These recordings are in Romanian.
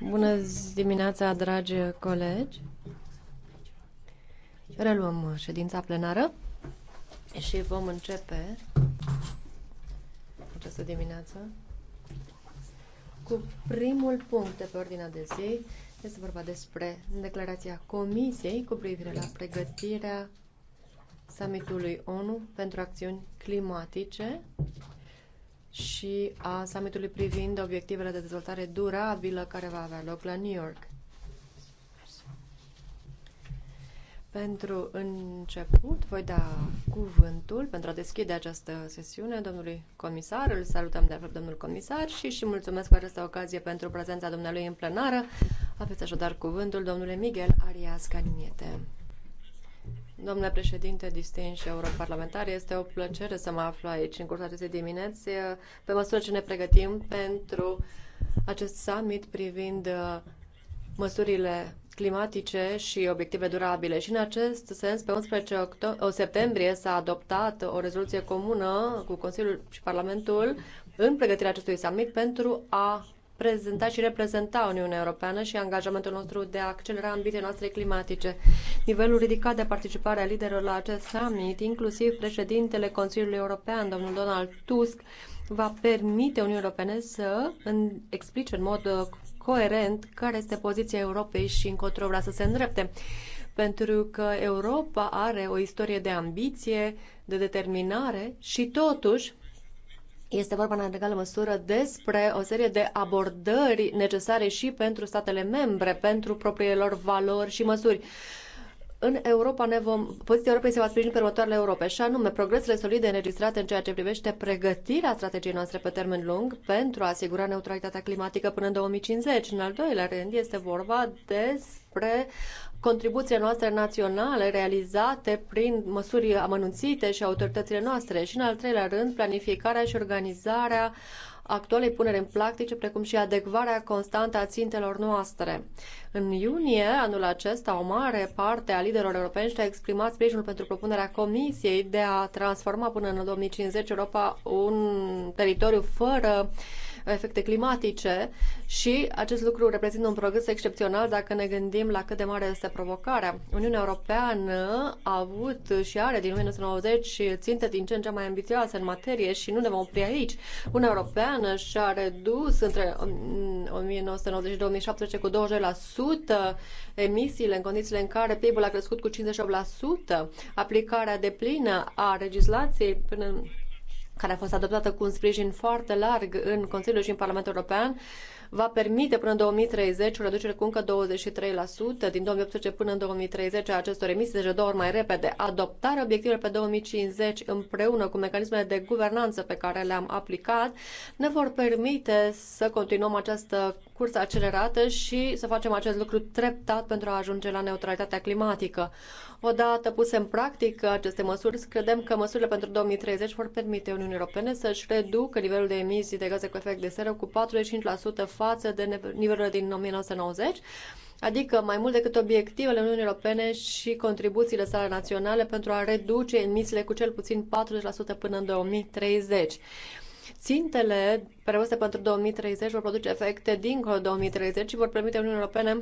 Bună dimineața, dragi colegi. Reluăm ședința plenară și vom începe această dimineață cu primul punct de pe ordinea de zi. Este vorba despre declarația Comisiei cu privire la pregătirea summitului ONU pentru acțiuni climatice și a summitului privind obiectivele de dezvoltare durabilă care va avea loc la New York. Pentru început, voi da cuvântul pentru a deschide această sesiune domnului comisar. Îl salutăm de altfel domnul comisar și și mulțumesc cu această ocazie pentru prezența dumnealui în plenară. Aveți așadar cuvântul domnule Miguel Arias Caniete. Domnule președinte, distinși europarlamentari, este o plăcere să mă aflu aici în cursul acestei dimineți, pe măsură ce ne pregătim pentru acest summit privind uh, măsurile climatice și obiective durabile. Și în acest sens, pe 11 septembrie s-a adoptat o rezoluție comună cu Consiliul și Parlamentul în pregătirea acestui summit pentru a prezenta și reprezenta Uniunea Europeană și angajamentul nostru de a accelera ambițiile noastre climatice. Nivelul ridicat de participare a liderilor la acest summit, inclusiv președintele Consiliului European, domnul Donald Tusk, va permite Uniunii Europene să explice în mod uh, coerent care este poziția Europei și încotro vrea să se îndrepte. Pentru că Europa are o istorie de ambiție, de determinare și totuși este vorba în egală măsură despre o serie de abordări necesare și pentru statele membre, pentru propriilor valori și măsuri în Europa ne vom, poziția Europei se va sprijini pe următoarele Europe, și anume progresele solide înregistrate în ceea ce privește pregătirea strategiei noastre pe termen lung pentru a asigura neutralitatea climatică până în 2050. În al doilea rând este vorba des, despre contribuțiile noastre naționale realizate prin măsuri amănunțite și autoritățile noastre și, în al treilea rând, planificarea și organizarea actualei punere în practice, precum și adecvarea constantă a țintelor noastre. În iunie anul acesta, o mare parte a liderilor europeni și-a exprimat sprijinul pentru propunerea Comisiei de a transforma până în 2050 Europa un teritoriu fără uh, efecte climatice și acest lucru reprezintă un progres excepțional dacă ne gândim la cât de mare este provocarea. Uniunea Europeană a avut și are din 1990 ținte din ce în ce mai ambițioase în materie și nu ne vom opri aici. Uniunea Europeană și-a redus între 1990 um, și 2017 cu 20% emisiile în condițiile în care PIB-ul a crescut cu 58%, aplicarea deplină a legislației până care a fost adoptată cu un sprijin foarte larg în Consiliul și în Parlamentul European, va permite până în 2030 o reducere cu încă 23% din 2018 până în 2030 a acestor emisii, deja deci două ori mai repede. Adoptarea obiectivelor pe 2050 împreună cu mecanismele de guvernanță pe care le-am aplicat ne vor permite să continuăm această cursă accelerată și să facem acest lucru treptat pentru a ajunge la neutralitatea climatică. Odată puse în practică aceste măsuri, credem că măsurile pentru 2030 vor permite Uniunii Europene să-și reducă nivelul de emisii de gaze cu efect de seră cu 45% față de nivelurile din 1990 adică mai mult decât obiectivele Uniunii Europene și contribuțiile sale naționale pentru a reduce emisiile cu cel puțin 40% până în 2030. Țintele prevăzute pentru 2030 vor produce efecte dincolo de 2030 și vor permite Uniunii Europene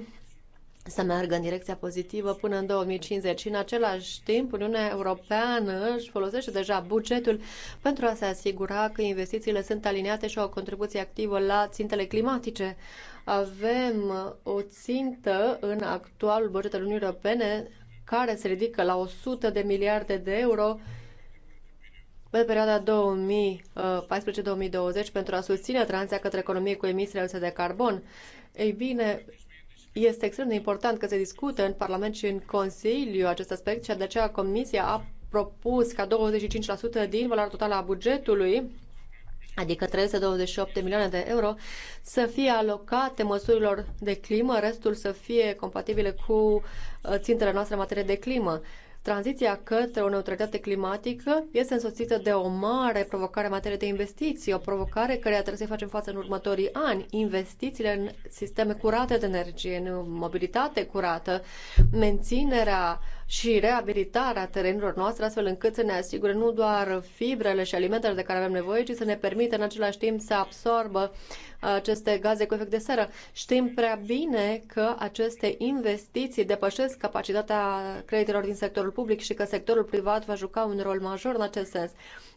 să meargă în direcția pozitivă până în 2050 și în același timp Uniunea Europeană își folosește deja bugetul pentru a se asigura că investițiile sunt aliniate și au o contribuție activă la țintele climatice. Avem o țintă în actualul buget al Uniunii Europene care se ridică la 100 de miliarde de euro pe perioada 2014-2020 pentru a susține tranziția către economie cu emisiile de carbon. Ei bine, este extrem de important că se discută în Parlament și în Consiliu acest aspect și de aceea Comisia a propus ca 25% din valoarea totală a bugetului adică 328 de milioane de euro, să fie alocate măsurilor de climă, restul să fie compatibile cu uh, țintele noastre în materie de climă. Tranziția către o neutralitate climatică este însoțită de o mare provocare în materie de investiții, o provocare care trebuie să facem față în următorii ani. Investițiile în sisteme curate de energie, în mobilitate curată, menținerea uh, și reabilitarea terenurilor noastre, astfel încât să ne asigure nu doar fibrele și alimentele de care avem nevoie, ci să ne permită în același timp să absorbă uh, aceste gaze cu efect de seră. Știm prea bine că aceste investiții depășesc capacitatea creditelor din sectorul public și că sectorul privat va juca un rol major în acest sens.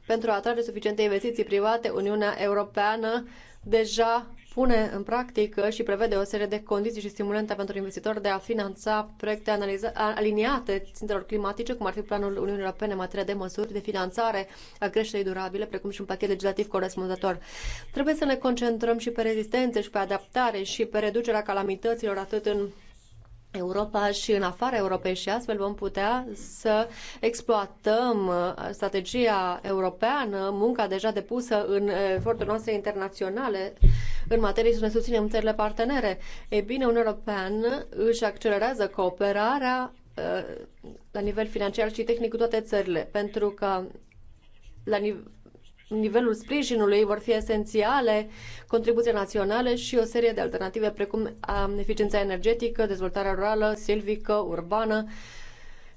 Pentru a atrage suficiente investiții private, Uniunea Europeană deja pune în practică și prevede o serie de condiții și stimulente pentru investitori de a finanța proiecte aliniate țintelor climatice, cum ar fi planul Uniunii Europene în materie de măsuri de finanțare a creșterii durabile, precum și un pachet legislativ corespunzător. Trebuie să ne concentrăm și pe rezistență și pe adaptare și pe reducerea calamităților atât în Europa și în afara Europei și astfel vom putea să exploatăm uh, strategia europeană, munca deja depusă în uh, eforturile noastre internaționale în materie să ne susținem țările partenere. E bine, Uniunea Europeană își accelerează cooperarea uh, la nivel financiar și tehnic cu toate țările, pentru că la nivel nivelul sprijinului vor fi esențiale, contribuția națională și o serie de alternative precum eficiența energetică, dezvoltarea rurală, silvică, urbană,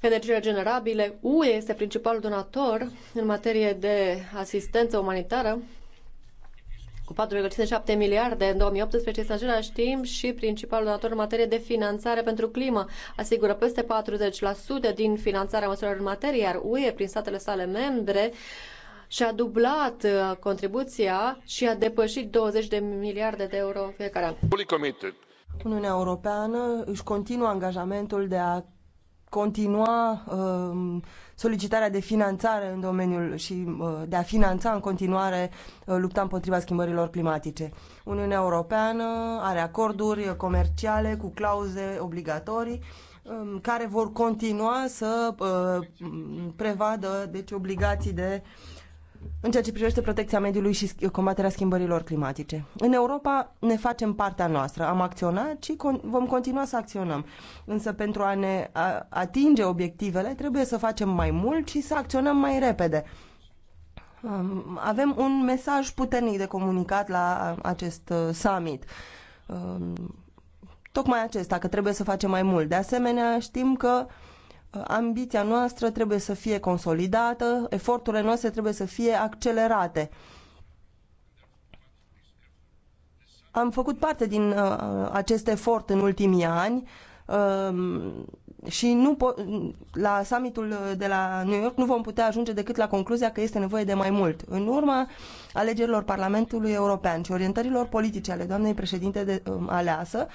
energie regenerabile. UE este principal donator în materie de asistență umanitară cu 4,57 miliarde în 2018 este în același timp și principalul donator în materie de finanțare pentru climă. Asigură peste 40% din finanțarea măsurilor în materie, iar UE, prin statele sale membre, și-a dublat uh, contribuția și a depășit 20 de miliarde de euro fiecare an. Uniunea Europeană își continuă angajamentul de a continua uh, solicitarea de finanțare în domeniul și uh, de a finanța în continuare uh, lupta împotriva schimbărilor climatice. Uniunea Europeană are acorduri comerciale cu clauze obligatorii um, care vor continua să uh, prevadă deci obligații de în ceea ce privește protecția mediului și combaterea schimbărilor climatice. În Europa ne facem partea noastră. Am acționat și con- vom continua să acționăm. Însă pentru a ne a- atinge obiectivele trebuie să facem mai mult și să acționăm mai repede. Um, avem un mesaj puternic de comunicat la acest uh, summit. Um, tocmai acesta, că trebuie să facem mai mult. De asemenea, știm că uh, ambiția noastră trebuie să fie consolidată, eforturile noastre trebuie să fie accelerate. Am făcut parte din uh, acest efort în ultimii ani uh, și nu la summitul de la New York nu vom putea ajunge decât la concluzia că este nevoie de mai mult. În urma alegerilor Parlamentului European și orientărilor politice ale doamnei președinte de, uh, aleasă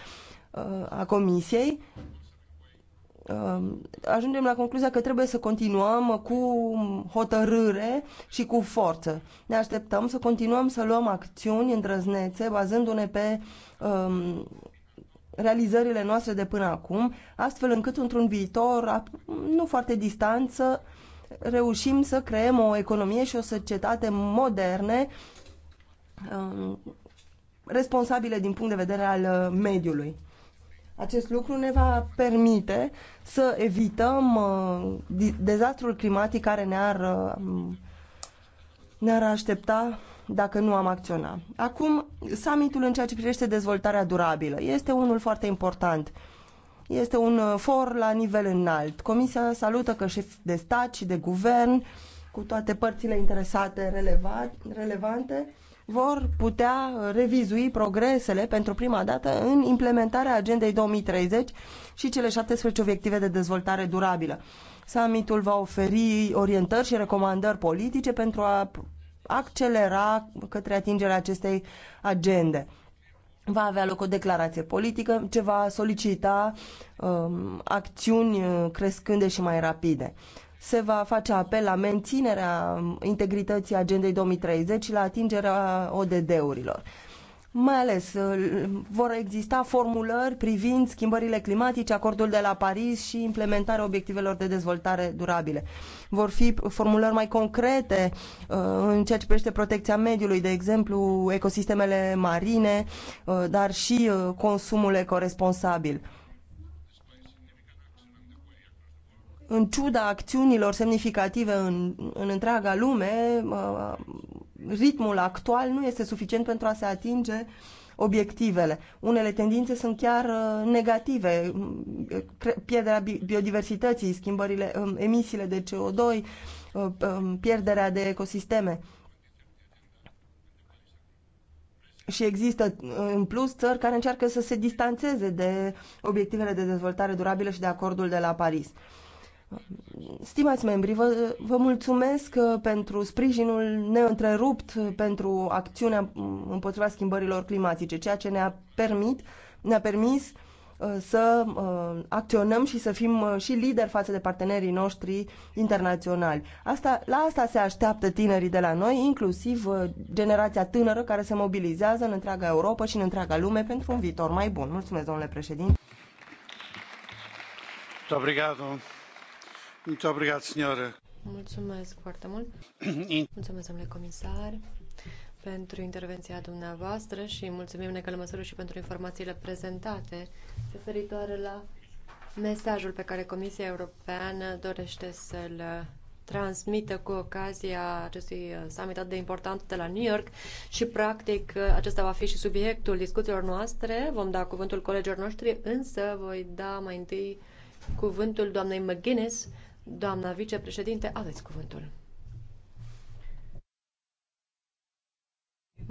uh, a Comisiei, Um, ajungem la concluzia că trebuie să continuăm cu hotărâre și cu forță. Ne așteptăm să continuăm să luăm acțiuni îndrăznețe bazându-ne pe um, realizările noastre de până acum, astfel încât într-un viitor nu foarte distant să reușim să creăm o economie și o societate moderne um, responsabile din punct de vedere al uh, mediului. Acest lucru ne va permite să evităm uh, dezastrul climatic care ne-ar uh, ne-ar aștepta dacă nu am acționa. Acum, summitul în ceea ce privește dezvoltarea durabilă este unul foarte important. Este un uh, for la nivel înalt. Comisia salută că șef de stat și de guvern, cu toate părțile interesate relevate, relevante, vor putea revizui progresele pentru prima dată în implementarea agendei 2030 și cele 17 obiective de dezvoltare durabilă. Summitul va oferi orientări și recomandări politice pentru a accelera către atingerea acestei agende. Va avea loc o declarație politică ce va solicita um, acțiuni uh, crescânde și mai rapide se va face apel la menținerea integrității agendei 2030 și la atingerea ODD-urilor. Mai ales vor exista formulări privind schimbările climatice, acordul de la Paris și implementarea obiectivelor de dezvoltare durabile. Vor fi formulări mai concrete uh, în ceea ce privește protecția mediului, de exemplu ecosistemele marine, uh, dar și uh, consumul ecoresponsabil în ciuda acțiunilor semnificative în, în întreaga lume, ritmul actual nu este suficient pentru a se atinge obiectivele. Unele tendințe sunt chiar uh, negative. Pierderea biodiversității, schimbările, um, emisiile de CO2, uh, um, pierderea de ecosisteme. Și există, uh, în plus, țări care încearcă să se distanțeze de obiectivele de dezvoltare durabilă și de acordul de la Paris. Uh, Stimați membri, vă, vă mulțumesc uh, pentru sprijinul neîntrerupt pentru acțiunea mm, împotriva schimbărilor climatice, ceea ce ne-a permit, ne-a permis uh, să uh, acționăm și să fim și lideri față de partenerii noștri internaționali. Asta, la asta se așteaptă tinerii de la noi, inclusiv generația tânără care se mobilizează în întreaga Europa și în întreaga lume pentru un viitor mai bun. Mulțumesc, domnule președinte! Obrigado. Mulțumesc domnule comisar, pentru intervenția dumneavoastră și mulțumim în egală măsură și pentru informațiile prezentate referitoare la mesajul pe care Comisia Europeană dorește să-l transmită cu ocazia acestui summit de important de la New York și, practic, acesta va fi și subiectul discuțiilor noastre. Vom da cuvântul colegilor noștri, însă voi da mai întâi cuvântul doamnei McGuinness Doamna vicepreședinte, aveți cuvântul.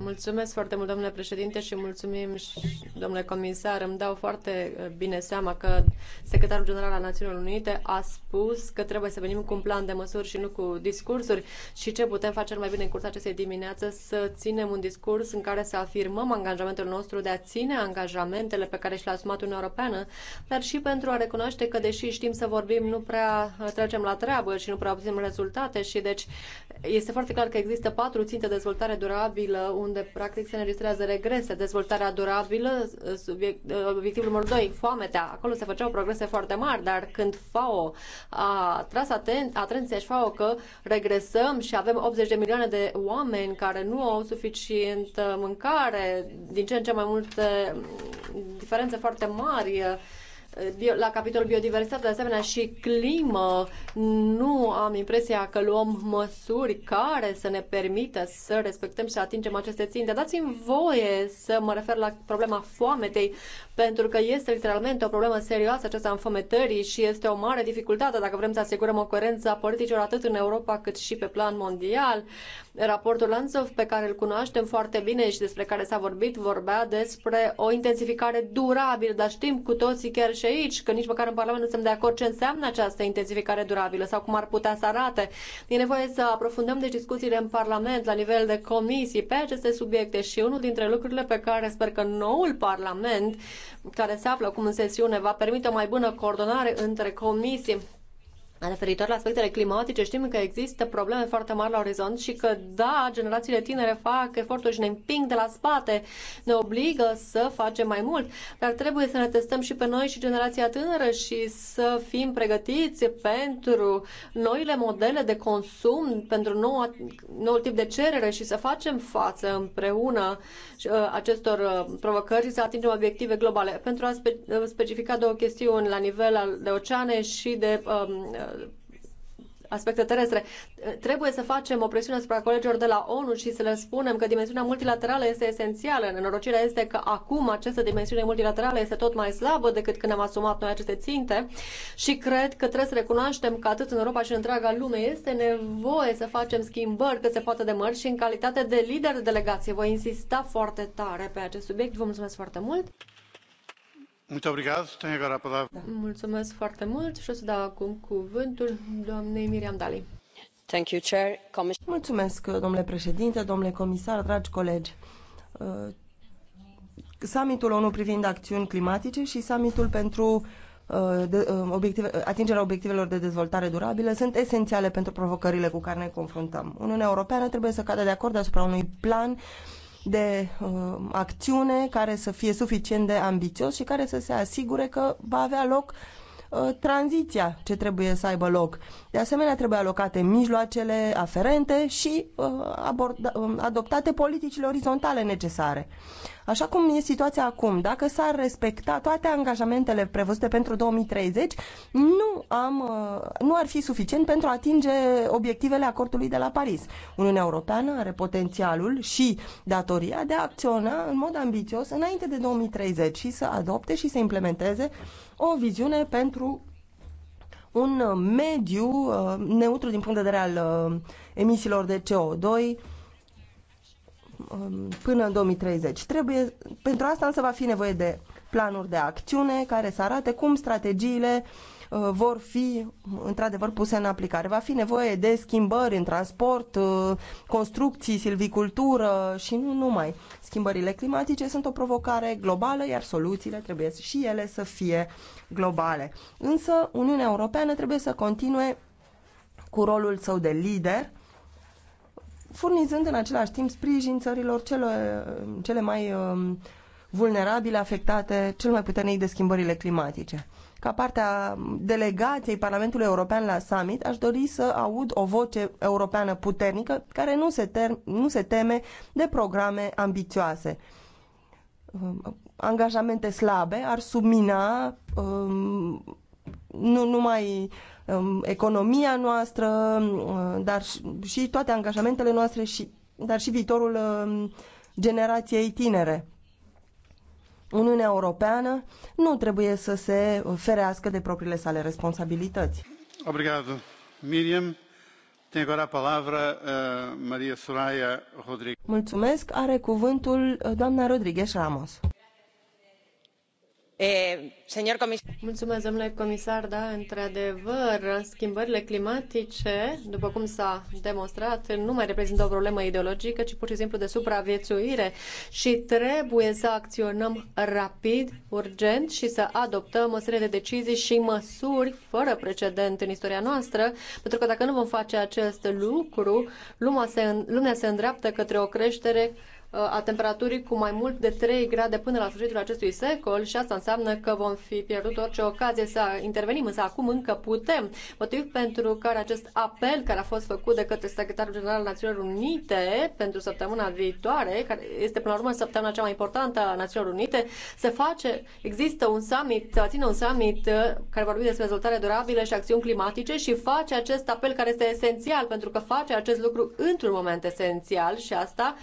Mulțumesc foarte mult, domnule președinte, și mulțumim, și, domnule comisar. Îmi dau foarte eh, bine seama că secretarul general al Națiunilor Unite a spus că trebuie să venim cu un plan de măsuri și nu cu discursuri și ce putem face mai bine în cursul acestei dimineață să ținem un discurs în care să afirmăm angajamentul nostru de a ține angajamentele pe care și le-a asumat Uniunea Europeană, dar și pentru a recunoaște că, deși știm să vorbim, nu prea eh, trecem la treabă și nu prea obținem rezultate și deci este foarte clar că există patru ținte de dezvoltare durabilă, unde practic se înregistrează regrese, dezvoltarea durabilă, subiect, obiectivul numărul 2, foametea. Acolo se făceau progrese foarte mari, dar când FAO a tras atenția și FAO că regresăm și avem 80 de milioane de oameni care nu au suficient mâncare, din ce în ce mai multe diferențe foarte mari, la capitolul biodiversitate, de asemenea și climă, nu am impresia că luăm măsuri care să ne permită să respectăm și să atingem aceste ținte. Dați-mi voie să mă refer la problema foametei, pentru că este literalmente o problemă serioasă aceasta înfometării și este o mare dificultate dacă vrem să asigurăm o coerență a politicilor atât în Europa cât și pe plan mondial. Raportul Lanzov, pe care îl cunoaștem foarte bine și despre care s-a vorbit, vorbea despre o intensificare durabilă, dar știm cu toții chiar și aici că nici măcar în Parlament nu suntem de acord ce înseamnă această intensificare durabilă sau cum ar putea să arate. E nevoie să aprofundăm deci discuțiile în Parlament la nivel de comisii pe aceste subiecte și unul dintre lucrurile pe care sper că noul Parlament care se află acum în sesiune va permite o mai bună coordonare între comisii Referitor la aspectele climatice, știm că există probleme foarte mari la orizont și că, da, generațiile tinere fac eforturi și ne împing de la spate, ne obligă să facem mai mult, dar trebuie să ne testăm și pe noi și generația tânără și să fim pregătiți pentru noile modele de consum, pentru noua, noul tip de cerere și să facem față împreună uh, acestor uh, provocări și să atingem obiective globale. Pentru a uh, specifica două chestiuni la nivel de oceane și de um, Uh, aspecte terestre. Trebuie să facem o presiune asupra colegilor de la ONU și să le spunem că dimensiunea multilaterală este esențială. Nenorocirea este că acum această dimensiune multilaterală este tot mai slabă decât când am asumat noi aceste ținte și cred că trebuie să recunoaștem că atât în Europa și în întreaga lume este nevoie să facem schimbări cât se poate de mărți și în calitate de lider de delegație. Voi insista foarte tare pe acest subiect. Vă mulțumesc foarte mult! Da, mulțumesc foarte mult și o să dau acum cuvântul doamnei Miriam Dali. Thank you, Chair. Mulțumesc, domnule președinte, domnule comisar, dragi colegi. Uh, summitul ONU privind acțiuni climatice și summitul pentru uh, uh, obiective, atingerea obiectivelor de dezvoltare durabilă sunt esențiale pentru provocările cu care ne confruntăm. Uniunea Europeană trebuie să cadă de acord asupra unui plan uh, de uh, acțiune care să fie suficient de ambițios și care să se asigure că va avea loc uh, tranziția ce trebuie să aibă loc. De asemenea, trebuie alocate mijloacele aferente și uh, aborda, um, adoptate politicile orizontale necesare. Uh, Așa cum e situația acum, dacă s-ar respecta toate angajamentele prevăzute pentru 2030, nu, am, uh, nu ar fi suficient pentru a atinge obiectivele acordului de la Paris. Uniunea Europeană are potențialul și datoria de a acționa în mod ambițios înainte de 2030 și să adopte și să implementeze o viziune pentru un uh, mediu uh, neutru din punct de vedere al emisiilor de CO2, Um, până în 2030. Trebuie, pentru asta însă va fi nevoie de planuri de acțiune care să arate cum strategiile uh, vor fi într-adevăr puse în aplicare. Va fi nevoie de schimbări în transport, uh, construcții, silvicultură și nu numai. Schimbările climatice sunt o provocare globală, iar soluțiile trebuie și ele să fie globale. Însă Uniunea Europeană trebuie să continue cu rolul său de lider furnizând în același timp sprijin țărilor cele, cele mai um, vulnerabile, afectate cel mai puternic de schimbările climatice. Ca parte a delegației Parlamentului European la summit, aș dori să aud o voce europeană puternică care nu se, ter- nu se teme de programe ambițioase. Um, angajamente slabe ar submina um, nu numai Um, economia noastră, um, dar și toate angajamentele noastre, și, dar și viitorul um, generației tinere. Uniunea Europeană nu trebuie să se ferească de propriile sale responsabilități. Obrigado, Miriam. Tem agora a palavra uh, Maria Soraya Rodrigues. Mulțumesc. Are cuvântul uh, doamna Rodrigues Ramos. Eh, domnule comisar, da, într-adevăr, schimbările climatice, după cum s-a demonstrat, nu mai reprezintă o problemă ideologică, ci pur și simplu de supraviețuire și trebuie să acționăm rapid, urgent și să adoptăm o serie de decizii și măsuri fără precedent în istoria noastră, pentru că dacă nu vom face acest lucru, lumea se, lumea se îndreaptă către o creștere Uh, a temperaturii cu mai mult de 3 grade până la sfârșitul acestui secol și asta înseamnă că vom fi pierdut orice ocazie să intervenim, însă acum încă putem. Motiv pentru care acest apel care a fost făcut de către Secretarul General al Națiunilor Unite pentru săptămâna viitoare, care este până la urmă săptămâna cea mai importantă a Națiunilor Unite, se face, există un summit, se ține un summit uh, care vorbi despre dezvoltare durabilă și acțiuni climatice și face acest apel care este esențial, pentru că face acest lucru într-un moment esențial și asta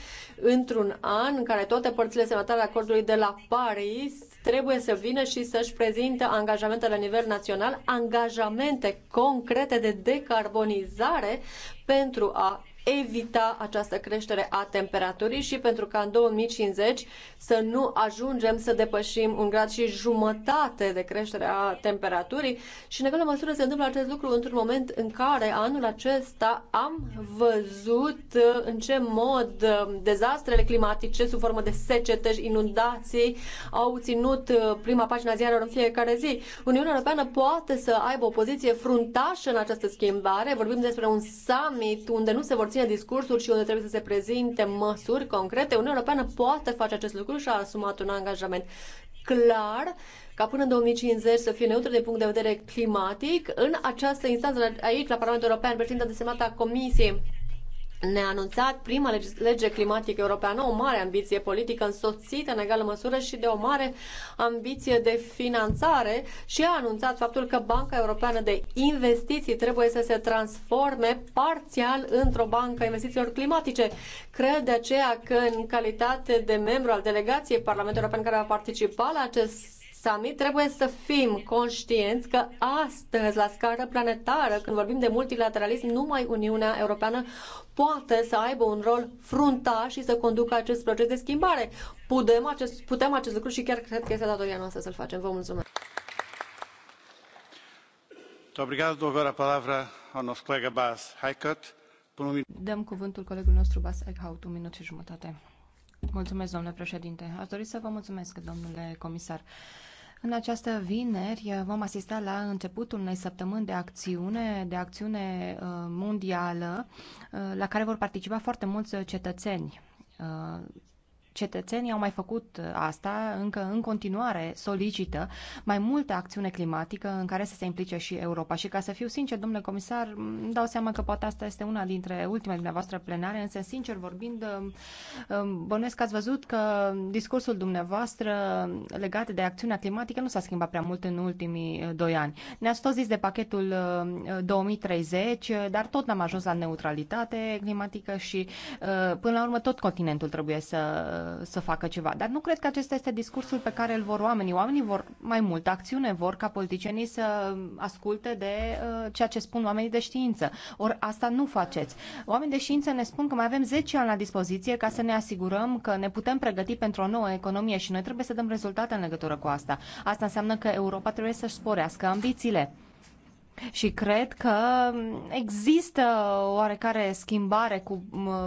într-un an în care toate părțile semnatare acordului de la Paris trebuie să vină și să-și prezinte angajamente la nivel național, angajamente concrete de decarbonizare pentru a evita această creștere a temperaturii și pentru ca în 2050 să nu ajungem să depășim un grad și jumătate de creștere a temperaturii și în egală măsură se întâmplă acest lucru într-un moment în care anul acesta am văzut uh, în ce mod uh, dezastrele climatice sub formă de secete și inundații au ținut uh, prima pagina ziarelor în fiecare zi. Uniunea Europeană poate să aibă o poziție fruntașă în această schimbare. Vorbim despre un summit unde nu se vor conține discursuri și unde trebuie să se prezinte măsuri concrete, Uniunea Europeană poate face acest lucru și a asumat un angajament clar ca până în 2050 să fie neutră din punct de vedere climatic. În această instanță, aici, la Parlamentul European, președinta desemnată a Comisiei ne-a anunțat prima lege climatică europeană, o mare ambiție politică însoțită în egală măsură și de o mare ambiție de finanțare și a anunțat faptul că Banca Europeană de Investiții trebuie să se transforme parțial într-o bancă a investițiilor climatice. Cred de aceea că în calitate de membru al delegației Parlamentului European care va participa la acest summit, trebuie să fim conștienți că astăzi, la scară planetară, când vorbim de multilateralism, numai Uniunea Europeană poate să aibă un rol fruntaș și să conducă acest proces de schimbare. Putem acest, putem acest lucru și chiar cred că este datoria noastră să-l facem. Vă mulțumesc! Um Dăm cuvântul colegului nostru Bas Eichhout, un minut și jumătate. Mulțumesc, domnule președinte. Aș dori să vă mulțumesc, domnule comisar. În această vineri uh, vom asista la începutul unei săptămâni de acțiune, de acțiune uh, mondială, uh, la care vor participa foarte mulți cetățeni Cetățenii au mai făcut uh, asta, încă în continuare solicită mai multă acțiune climatică în care să se implice și Europa. Și ca să fiu sincer, domnule comisar, îmi dau seama că poate asta este una dintre ultimele dumneavoastră plenare, însă, sincer vorbind, um, um, bănuiesc că ați văzut că discursul dumneavoastră legat de acțiunea climatică nu s-a schimbat prea mult în ultimii uh, doi ani. Ne-ați tot zis de pachetul 2030, uh, dar tot n-am ajuns la neutralitate climatică și, până la urmă, tot continentul trebuie să să facă ceva. Dar nu cred că acesta este discursul pe care îl vor oamenii. Oamenii vor mai multă acțiune, vor ca politicienii să asculte de uh, ceea ce spun oamenii de știință. Or asta nu faceți. Oamenii de știință ne spun că mai avem 10 ani la dispoziție ca să ne asigurăm că ne putem pregăti pentru o nouă economie și noi trebuie să dăm rezultate în legătură cu asta. Asta înseamnă că Europa trebuie să-și sporească ambițiile. Și cred că există oarecare schimbare cu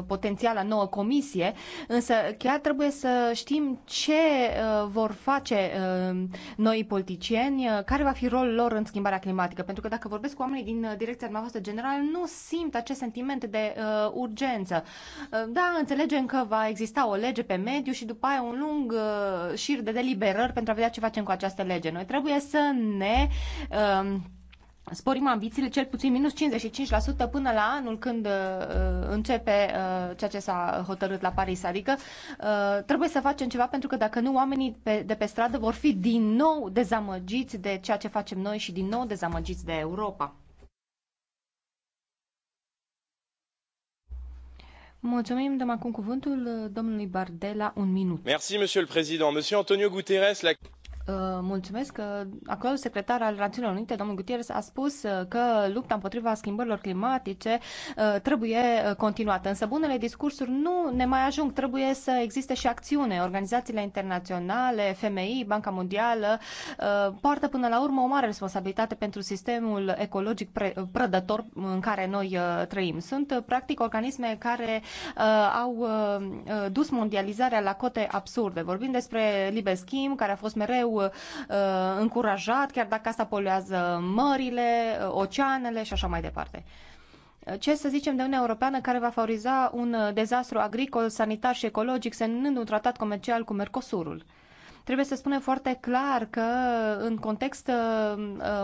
potențiala nouă comisie, însă chiar trebuie să știm ce uh, vor face uh, noi politicieni, uh, care va fi rolul lor în schimbarea climatică. Pentru că dacă vorbesc cu oamenii din direcția noastră generală, nu simt acest sentiment de urgență. Da, înțelegem că va exista o lege pe mediu și după aia un lung șir de deliberări pentru a vedea ce facem cu această lege. Noi trebuie să ne sporim ambițiile cel puțin minus 55% până la anul când uh, începe uh, ceea ce s-a hotărât la Paris. Adică uh, trebuie să facem ceva pentru că dacă nu, oamenii pe, de pe stradă vor fi din nou dezamăgiți de ceea ce facem noi și din nou dezamăgiți de Europa. Mulțumim, dăm acum cuvântul uh, domnului Bardela, un minut. Merci, monsieur le président. Monsieur Antonio Guterres, la... Uh, mulțumesc că uh, actualul secretar al Națiunilor Unite, domnul Gutierrez, a spus uh, că lupta împotriva schimbărilor climatice trebuie continuată. Însă bunele discursuri nu ne mai ajung. Trebuie să existe și acțiune. Organizațiile internaționale, FMI, Banca Mondială poartă până la urmă o mare responsabilitate pentru sistemul ecologic prădător în care noi trăim. Sunt practic organisme care au dus mondializarea la cote absurde. Vorbim despre liber schimb, care a fost mereu uh, încurajat, chiar dacă asta poluează mările, uh, oceanele și așa mai departe. Uh, ce să zicem de Uniunea Europeană care va favoriza un uh, dezastru agricol, sanitar și ecologic, semnând un tratat comercial cu Mercosurul? trebuie să spunem foarte clar că în context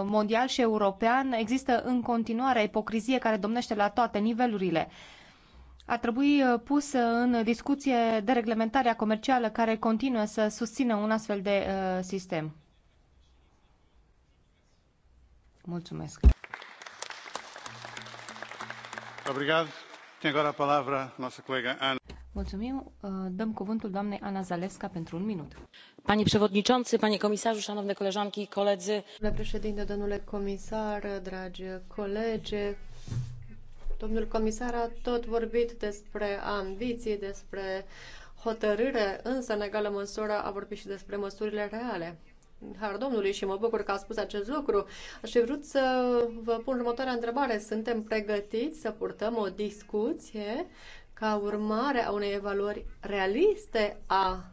mondial și european există în continuare ipocrizie care domnește la toate nivelurile ar trebui uh, pusă uh, în discuție de reglementarea comercială care continuă să susțină un astfel de uh, sistem. Mulțumesc. Obrigado. agora a palavra nossa colega Ana. Mulțumim. Uh, dăm cuvântul doamnei Ana Zalewska pentru un minut. Panie przewodniczący, panie komisarzu, szanowne koleżanki i koledzy. Domnule președinte, domnule comisar, dragi colegi, Domnul comisar a tot vorbit despre ambiții, despre hotărâre, însă, în egală măsură, a vorbit și despre măsurile reale. Har Domnului și mă bucur că a spus acest lucru. Aș fi vrut să vă pun următoarea întrebare. Suntem pregătiți să purtăm o discuție ca urmare a unei evaluări realiste a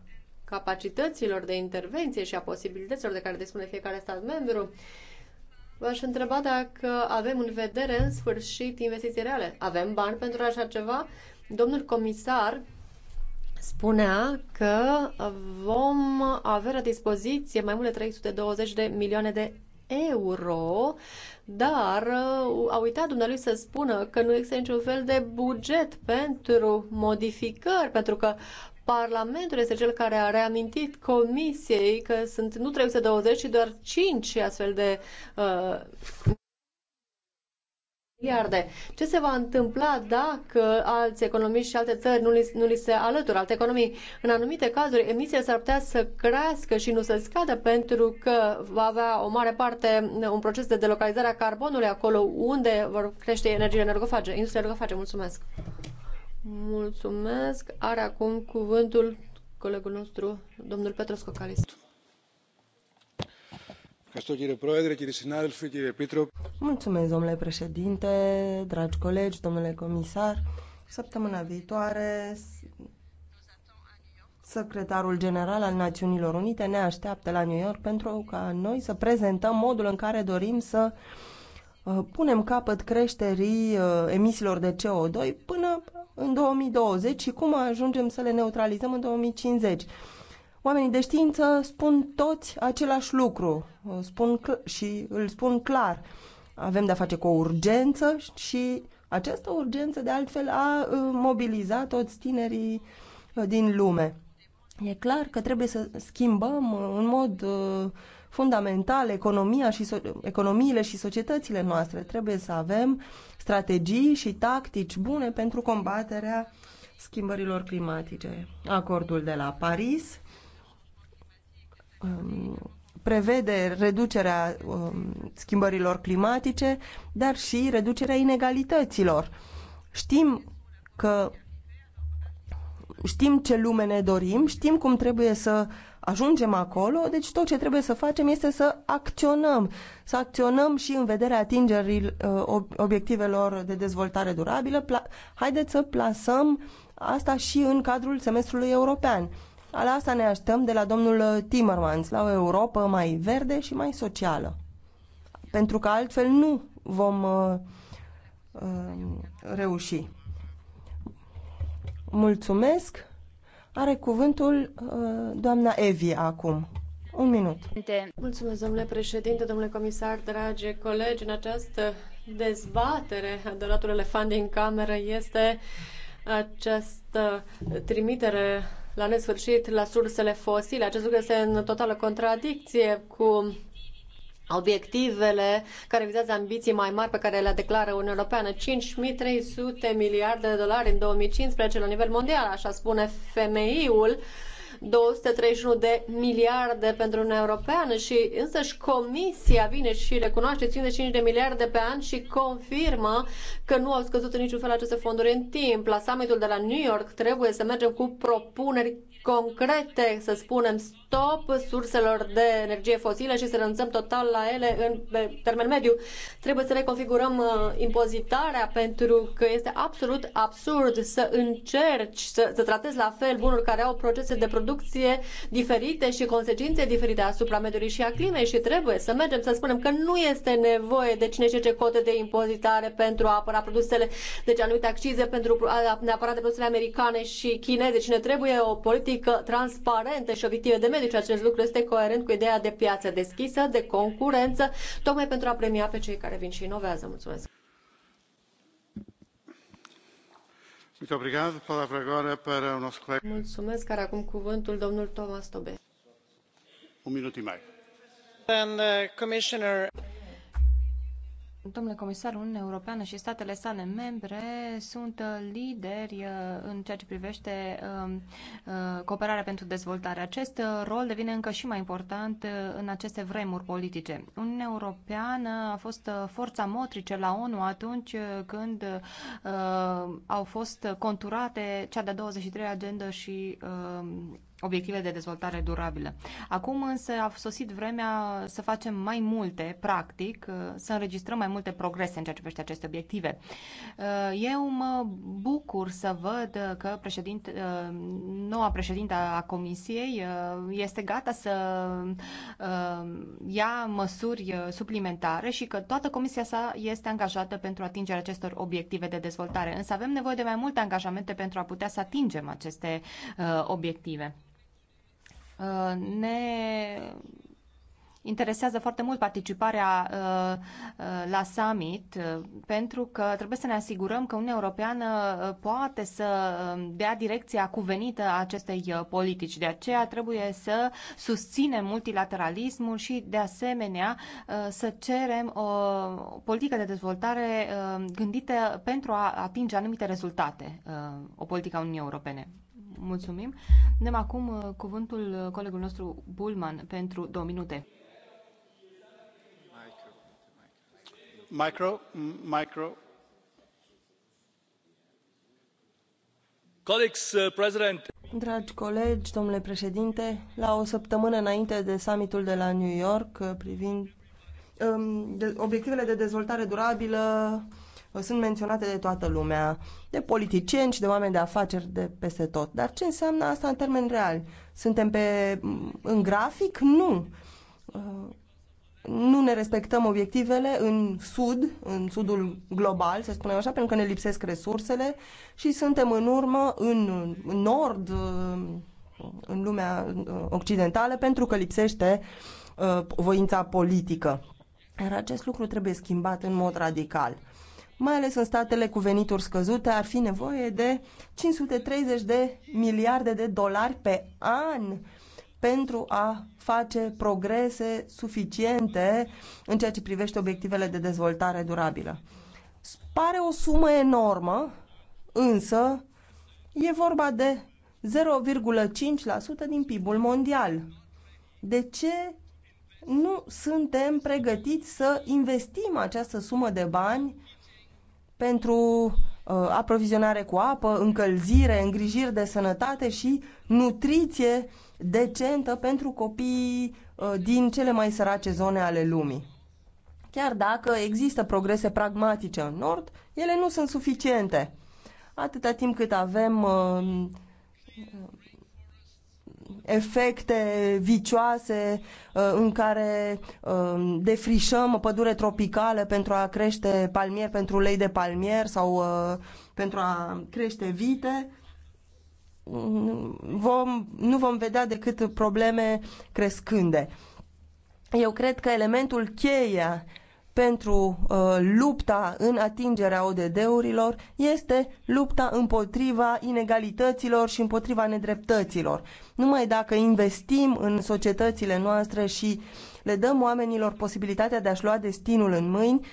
capacităților de intervenție și a posibilităților de care dispune fiecare stat membru? V-aș întreba dacă avem în vedere în sfârșit investiții reale. Avem bani pentru așa ceva? Domnul comisar spunea că vom avea la dispoziție mai mult de 320 de milioane de euro, dar a uitat dumnealui să spună că nu există niciun fel de buget pentru modificări, pentru că Parlamentul este cel care a reamintit Comisiei că sunt nu 320, ci doar 5 astfel de uh, Ce se va întâmpla dacă alți economiști și alte țări nu li, nu li se alătură, alte economii? În anumite cazuri, emisia s-ar putea să crească și nu să scadă pentru că va avea o mare parte un proces de delocalizare a carbonului acolo unde vor crește energie energofage, industria energofage. Mulțumesc! Mulțumesc. Are acum cuvântul colegul nostru, domnul Petros Cocalis. Mulțumesc, domnule președinte, dragi colegi, domnule comisar. Săptămâna viitoare, secretarul general al Națiunilor Unite ne așteaptă la New York pentru ca noi să prezentăm modul în care dorim să uh, punem capăt creșterii uh, emisiilor de CO2 până în 2020 și cum ajungem să le neutralizăm în 2050. Oamenii de știință spun toți același lucru uh, spun și îl spun clar. Avem de-a face cu o urgență și această urgență, de altfel, a uh, mobilizat toți tinerii uh, din lume. E clar că trebuie să schimbăm în mod fundamental economia și so- economiile și societățile noastre. Trebuie să avem strategii și tactici bune pentru combaterea schimbărilor climatice. Acordul de la Paris um, prevede reducerea um, schimbărilor climatice, dar și reducerea inegalităților. Știm că știm ce lume ne dorim, știm cum trebuie să ajungem acolo, deci tot ce trebuie să facem este să acționăm, să acționăm și în vederea atingerii uh, obiectivelor de dezvoltare durabilă. Haideți să plasăm asta și în cadrul semestrului european. La asta ne așteptăm de la domnul Timmermans, la o Europa mai verde și mai socială. Pentru că altfel nu vom uh, uh, reuși. Mulțumesc. Are cuvântul uh, doamna Evi acum. Un minut. Mulțumesc, domnule președinte, domnule comisar, dragi colegi. În această dezbatere, adoratul elefant din cameră este această trimitere la nesfârșit la sursele fosile. Acest lucru este în totală contradicție cu obiectivele care vizează ambiții mai mari pe care le declară Uniunea Europeană. 5.300 miliarde de dolari în 2015 la nivel mondial, așa spune FMI-ul. 231 de miliarde pentru Uniunea Europeană și însăși Comisia vine și recunoaște 55 de miliarde pe an și confirmă că nu au scăzut în niciun fel aceste fonduri în timp. La summitul de la New York trebuie să mergem cu propuneri concrete, să spunem, stop surselor de energie fosilă și să renunțăm total la ele în termen mediu. Trebuie să reconfigurăm uh, impozitarea pentru că este absolut absurd să încerci să, să tratezi la fel bunuri care au procese de producție diferite și consecințe diferite asupra mediului și a climei și trebuie să mergem să spunem că nu este nevoie de cine știe ce cote de impozitare pentru a apăra produsele, deci anumite accize pentru neapărat de produsele americane și chineze, cine trebuie o politică politică transparentă și obiective de mediu și acest lucru este coerent cu ideea de piață deschisă, de concurență, tocmai pentru a premia pe cei care vin și inovează. Mulțumesc! Mulțumesc, care acum cuvântul domnul Thomas Tobe. Un um minut mai. Uh, Domnule comisar, Uniunea Europeană și statele sale membre sunt uh, lideri uh, în ceea ce privește um, uh, cooperarea pentru dezvoltare. Acest rol devine încă și mai important în aceste vremuri politice. Uniunea Europeană a fost forța motrice la ONU atunci când au fost conturate cea de-a 23 agenda și um, obiective de dezvoltare durabilă. Acum însă a sosit vremea să facem mai multe, practic, uh, să înregistrăm mai multe progrese în ceea ce privește aceste obiective. Uh, eu mă bucur să văd că președinte, uh, noua președintă a Comisiei este gata să ia măsuri suplimentare și că toată Comisia sa este angajată pentru atingerea acestor obiective de dezvoltare. Însă avem nevoie de mai multe angajamente pentru a putea să atingem aceste obiective. Uh, ne interesează foarte mult participarea uh, uh, la summit pentru că trebuie să ne asigurăm că Uniunea Europeană poate să dea direcția cuvenită a acestei politici. De aceea trebuie să susținem multilateralismul și de asemenea să cerem o politică de dezvoltare gândită pentru a atinge anumite rezultate, o politică a Uniunii Europene. Mulțumim. Dăm acum uh, cuvântul uh, colegul nostru Bulman pentru două minute. Micro, micro. Colegi, uh, president. Dragi colegi, domnule președinte, la o săptămână înainte de summitul de la New York privind um, de, obiectivele de dezvoltare durabilă sunt menționate de toată lumea, de politicieni și de oameni de afaceri de peste tot. Dar ce înseamnă asta în termeni reali? Suntem pe, în grafic? Nu. Uh, nu ne respectăm obiectivele în sud, în sudul global, să spunem așa, pentru că ne lipsesc resursele și suntem în urmă în, în nord, uh, în lumea uh, occidentală, pentru că lipsește voința politică. Iar acest lucru trebuie schimbat în mod radical mai ales în statele cu venituri scăzute, ar fi nevoie de 530 de miliarde de dolari pe an pentru a face progrese suficiente în ceea ce privește obiectivele de dezvoltare durabilă. Pare o sumă enormă, însă e vorba de 0,5% din PIB-ul mondial. De ce nu suntem pregătiți să investim această sumă de bani pentru uh, aprovizionare cu apă, încălzire, îngrijiri de sănătate și nutriție decentă pentru copiii uh, din cele mai sărace zone ale lumii. Chiar dacă există progrese pragmatice în Nord, ele nu sunt suficiente. Atâta timp cât avem uh, efecte vicioase uh, în care um, defrișăm pădure tropicale pentru a crește palmier, pentru ulei de palmier sau uh, pentru a crește vite, mm, vom, nu vom vedea decât probleme crescânde. Eu cred că elementul cheia pentru uh, lupta în atingerea ODD-urilor este lupta împotriva inegalităților și împotriva nedreptăților. Numai dacă investim în societățile noastre și le dăm oamenilor posibilitatea de a-și lua destinul în mâini,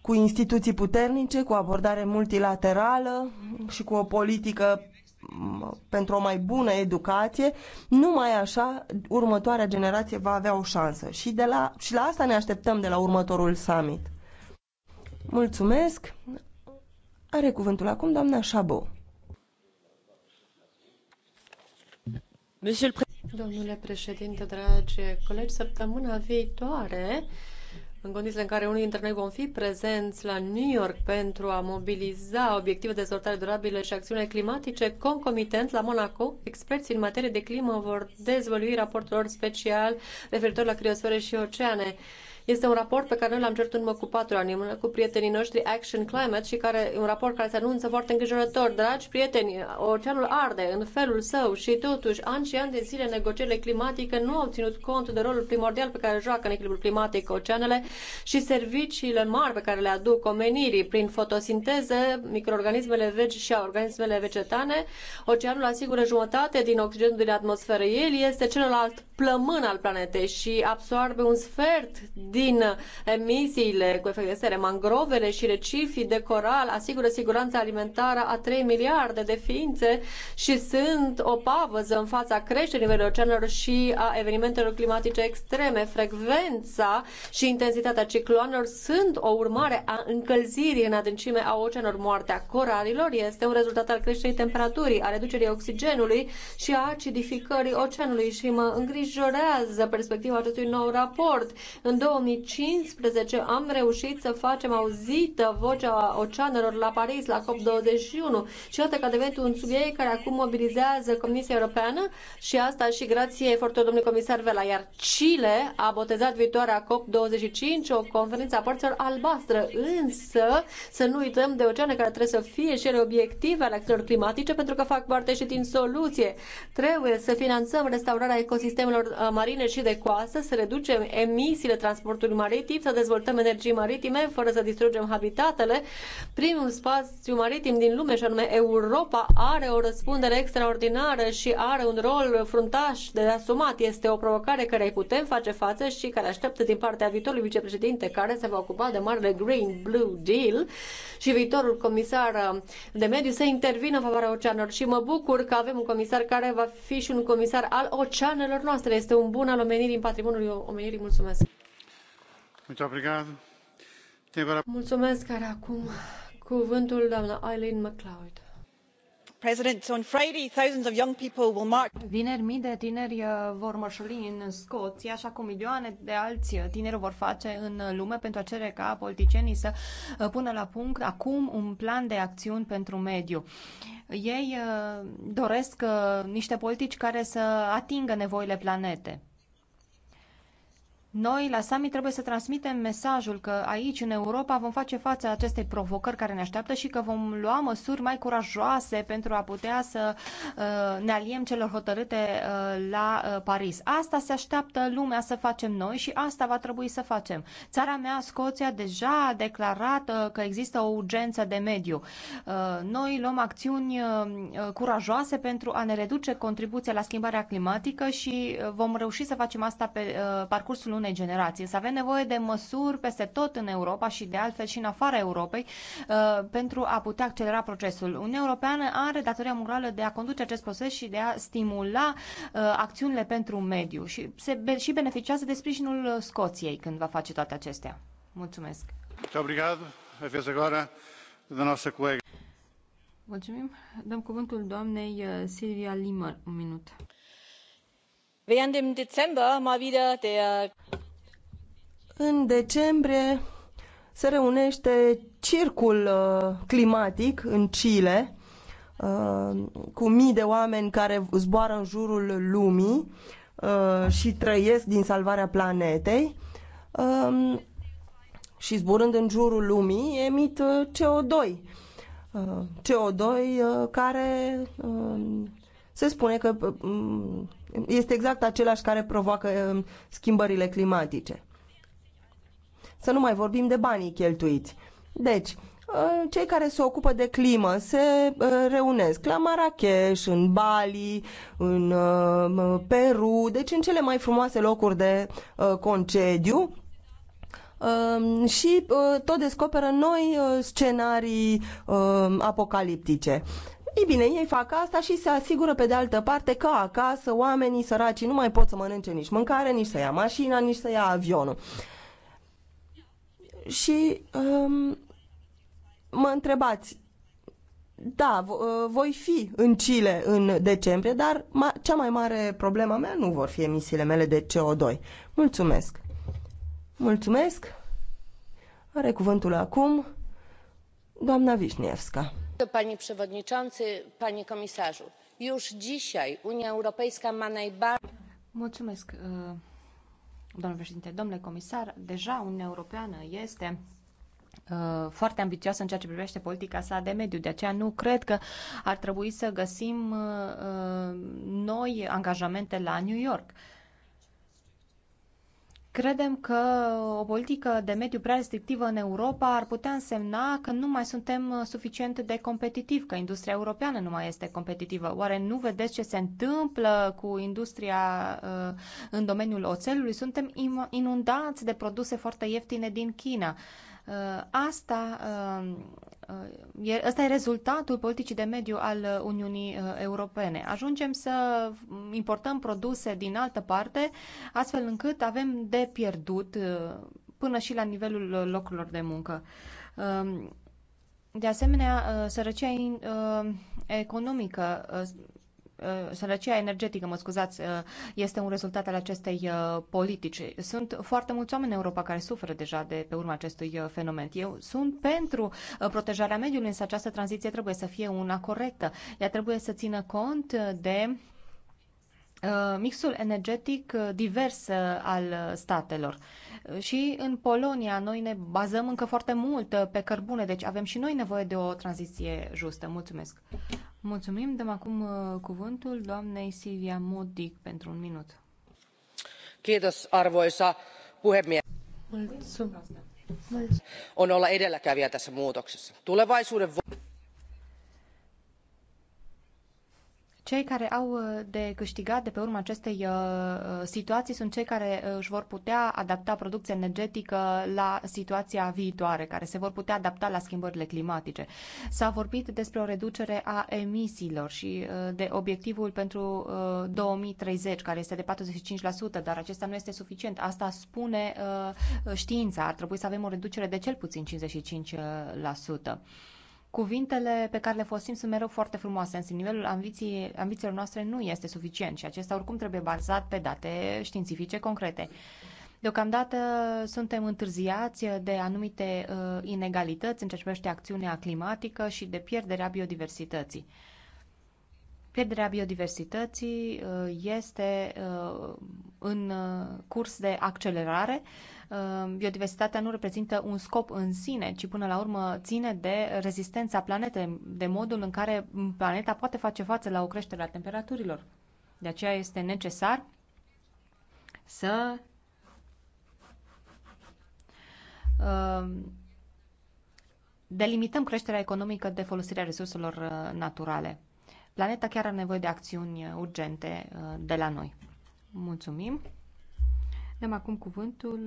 cu instituții puternice, cu abordare multilaterală și cu o politică pentru o mai bună educație, numai așa următoarea generație va avea o șansă. Și, de la, și la asta ne așteptăm de la următorul summit. Mulțumesc. Are cuvântul acum doamna Șabo. Domnule președinte, dragi colegi, săptămâna viitoare în condițiile în care unii dintre noi vom fi prezenți la New York pentru a mobiliza obiective de dezvoltare durabilă și acțiune climatice, concomitent la Monaco, experții în materie de climă vor dezvălui raportul lor special referitor la criosfere și oceane. Este un raport pe care noi l-am cerut în urmă cu patru ani, cu prietenii noștri Action Climate și care un raport care se anunță foarte îngrijorător. Dragi prieteni, oceanul arde în felul său și totuși ani și ani de zile negocierile climatice nu au ținut cont de rolul primordial pe care joacă în echilibrul climatic oceanele și serviciile mari pe care le aduc omenirii prin fotosinteze, microorganismele vegi și organismele vegetane. Oceanul asigură jumătate din oxigenul din atmosferă. El este celălalt plămân al planetei și absorbe un sfert din emisiile cu efect de seră, mangrovele și recifii de coral asigură siguranța alimentară a 3 miliarde de ființe și sunt o pavăză în fața creșterii nivelului oceanelor și a evenimentelor climatice extreme. Frecvența și intensitatea cicloanelor sunt o urmare a încălzirii în adâncime a oceanelor. Moartea coralilor este un rezultat al creșterii temperaturii, a reducerii oxigenului și a acidificării oceanului și mă îngrijorează perspectiva acestui nou raport. În 2000 2015 am reușit să facem auzită vocea oceanelor la Paris, la COP21 și iată că a devenit un subiect care acum mobilizează Comisia Europeană și asta și grație efortului domnului comisar Vela. Iar Chile a botezat viitoarea COP25, o conferință a părților albastră, însă să nu uităm de oceane care trebuie să fie și ele obiective ale acțiunilor climatice pentru că fac parte și din soluție. Trebuie să finanțăm restaurarea ecosistemelor uh, marine și de coastă, să reducem emisiile transportului transportului maritim, să dezvoltăm energii maritime fără să distrugem habitatele. Primul spațiu maritim din lume, și anume Europa, are o răspundere extraordinară și are un rol fruntaș de asumat. Este o provocare care îi putem face față și care așteaptă din partea viitorului vicepreședinte care se va ocupa de marele Green Blue Deal și viitorul comisar de mediu să intervină în favoarea oceanelor. Și mă bucur că avem un comisar care va fi și un comisar al oceanelor noastre. Este un bun al omenirii în patrimoniul omenirii. Mulțumesc! Mulțumesc, care acum cuvântul doamna Eileen McLeod vineri mii de tineri uh, vor mărșăli în scoția așa cum milioane de alți uh, tineri vor face în lume pentru a cere ca politicienii să uh, pună la punct acum un plan de acțiuni pentru mediu. Ei doresc niște politici care să atingă nevoile planetei. Noi, la summit, trebuie să transmitem mesajul că aici, în Europa, vom face față acestei provocări care ne așteaptă și că vom lua măsuri mai curajoase pentru a putea să uh, ne aliem celor hotărâte uh, la uh, Paris. Asta se așteaptă lumea să facem noi și asta va trebui să facem. Țara mea, Scoția, deja a declarat că există o urgență de mediu. Noi luăm acțiuni curajoase pentru a ne reduce contribuția la schimbarea climatică și vom reuși să facem asta pe parcursul unui unei generații. Să avem nevoie de măsuri peste tot în Europa și de altfel și în afara Europei uh, pentru a putea accelera procesul. Uniunea Europeană are datoria morală de a conduce acest proces și de a stimula uh, acțiunile pentru mediu și, se, și beneficiază de sprijinul Scoției când va face toate acestea. Mulțumesc! Da Mulțumim. Dăm cuvântul doamnei uh, Silvia Limăr, un minut während im dezember mal wieder der în decembrie se reunește circul uh, climatic în Chile uh, cu mii de oameni care zboară în jurul lumii uh, și trăiesc din salvarea planetei um, și zburând în jurul lumii emit CO2. CO2 care um, se spune că um, este exact același care provoacă um, schimbările climatice. Să nu mai vorbim de banii cheltuiți. Deci, uh, cei care se ocupă de climă se uh, reunesc la Marrakesh, în Bali, în uh, Peru, deci în cele mai frumoase locuri de concediu um, și tot descoperă noi scenarii um, apocaliptice. Ei bine, ei fac asta și se asigură pe de altă parte că acasă oamenii săraci nu mai pot să mănânce nici mâncare, nici să ia mașina, nici să ia avionul. Și um, mă întrebați, da, uh, voi fi în Chile în decembrie, dar ma- cea mai mare problema mea nu vor fi emisiile mele de CO2. Mulțumesc! Mulțumesc! Are cuvântul acum doamna Vișnievska panie przewodniczący! panie komisarzu! już dzisiaj unia europejska ma najbardziej. domnule președinte domnule comisar deja uniunea europeană este foarte în ceea ce privește politica sa de mediu. De aceea nu cred că ar trebui să găsim noi angajamente la New York. Credem că o politică de mediu prea restrictivă în Europa ar putea însemna că nu mai suntem suficient de competitivi, că industria europeană nu mai este competitivă. Oare nu vedeți ce se întâmplă cu industria uh, în domeniul oțelului? Suntem inundați de produse foarte ieftine din China. Uh, asta, asta uh, uh, e rezultatul politicii de mediu al Uniunii Europene. Ajungem să importăm produse din altă parte, astfel încât avem de pierdut până și la nivelul locurilor de muncă. Um, de asemenea, sărăcia economică Uh, sărăcia energetică, mă scuzați, uh, este un rezultat al acestei uh, politici. Sunt foarte mulți oameni în Europa care suferă deja de pe urma acestui fenomen. Eu sunt pentru protejarea mediului, însă această tranziție trebuie să fie una corectă. Ea trebuie să țină cont de Uh, mixul energetic uh, divers uh, al statelor. Și în Polonia noi ne bazăm încă foarte mult pe cărbune, deci avem și noi nevoie de o tranziție justă. Mulțumesc! Mulțumim, dăm acum cuvântul doamnei Silvia Modic pentru un minut. Kiitos, arvoisa puhemies. Mulțumim! On olla edelläkävijä tässä muutoksessa. Tulevaisuuden Cei care au uh, de câștigat de pe urma acestei uh, uh, situații sunt cei care își vor putea adapta producția energetică la situația viitoare, care se vor putea adapta la schimbările climatice. S-a vorbit despre o reducere a emisiilor și de obiectivul pentru 2030, care este de 45%, dar acesta nu este suficient. Asta spune știința. Ar trebui să avem o reducere de cel puțin 55%. Cuvintele pe care le folosim sunt mereu foarte frumoase, însă nivelul ambiției, ambițiilor noastre nu este suficient și acesta oricum trebuie bazat pe date științifice concrete. Deocamdată suntem întârziați de anumite uh, inegalități în ceea ce privește acțiunea climatică și de pierderea biodiversității. Pierderea biodiversității uh, este uh, în uh, curs de accelerare uh, Ehm, biodiversitatea nu reprezintă un scop în sine, ci până la urmă ține de rezistența planetei, de modul în care planeta poate face față la o creștere a temperaturilor. De aceea este necesar să ehm, delimităm creșterea economică de folosirea resurselor uh, naturale. Planeta chiar are nevoie de acțiuni uh, urgente uh, de la noi. Mulțumim! Dăm acum cuvântul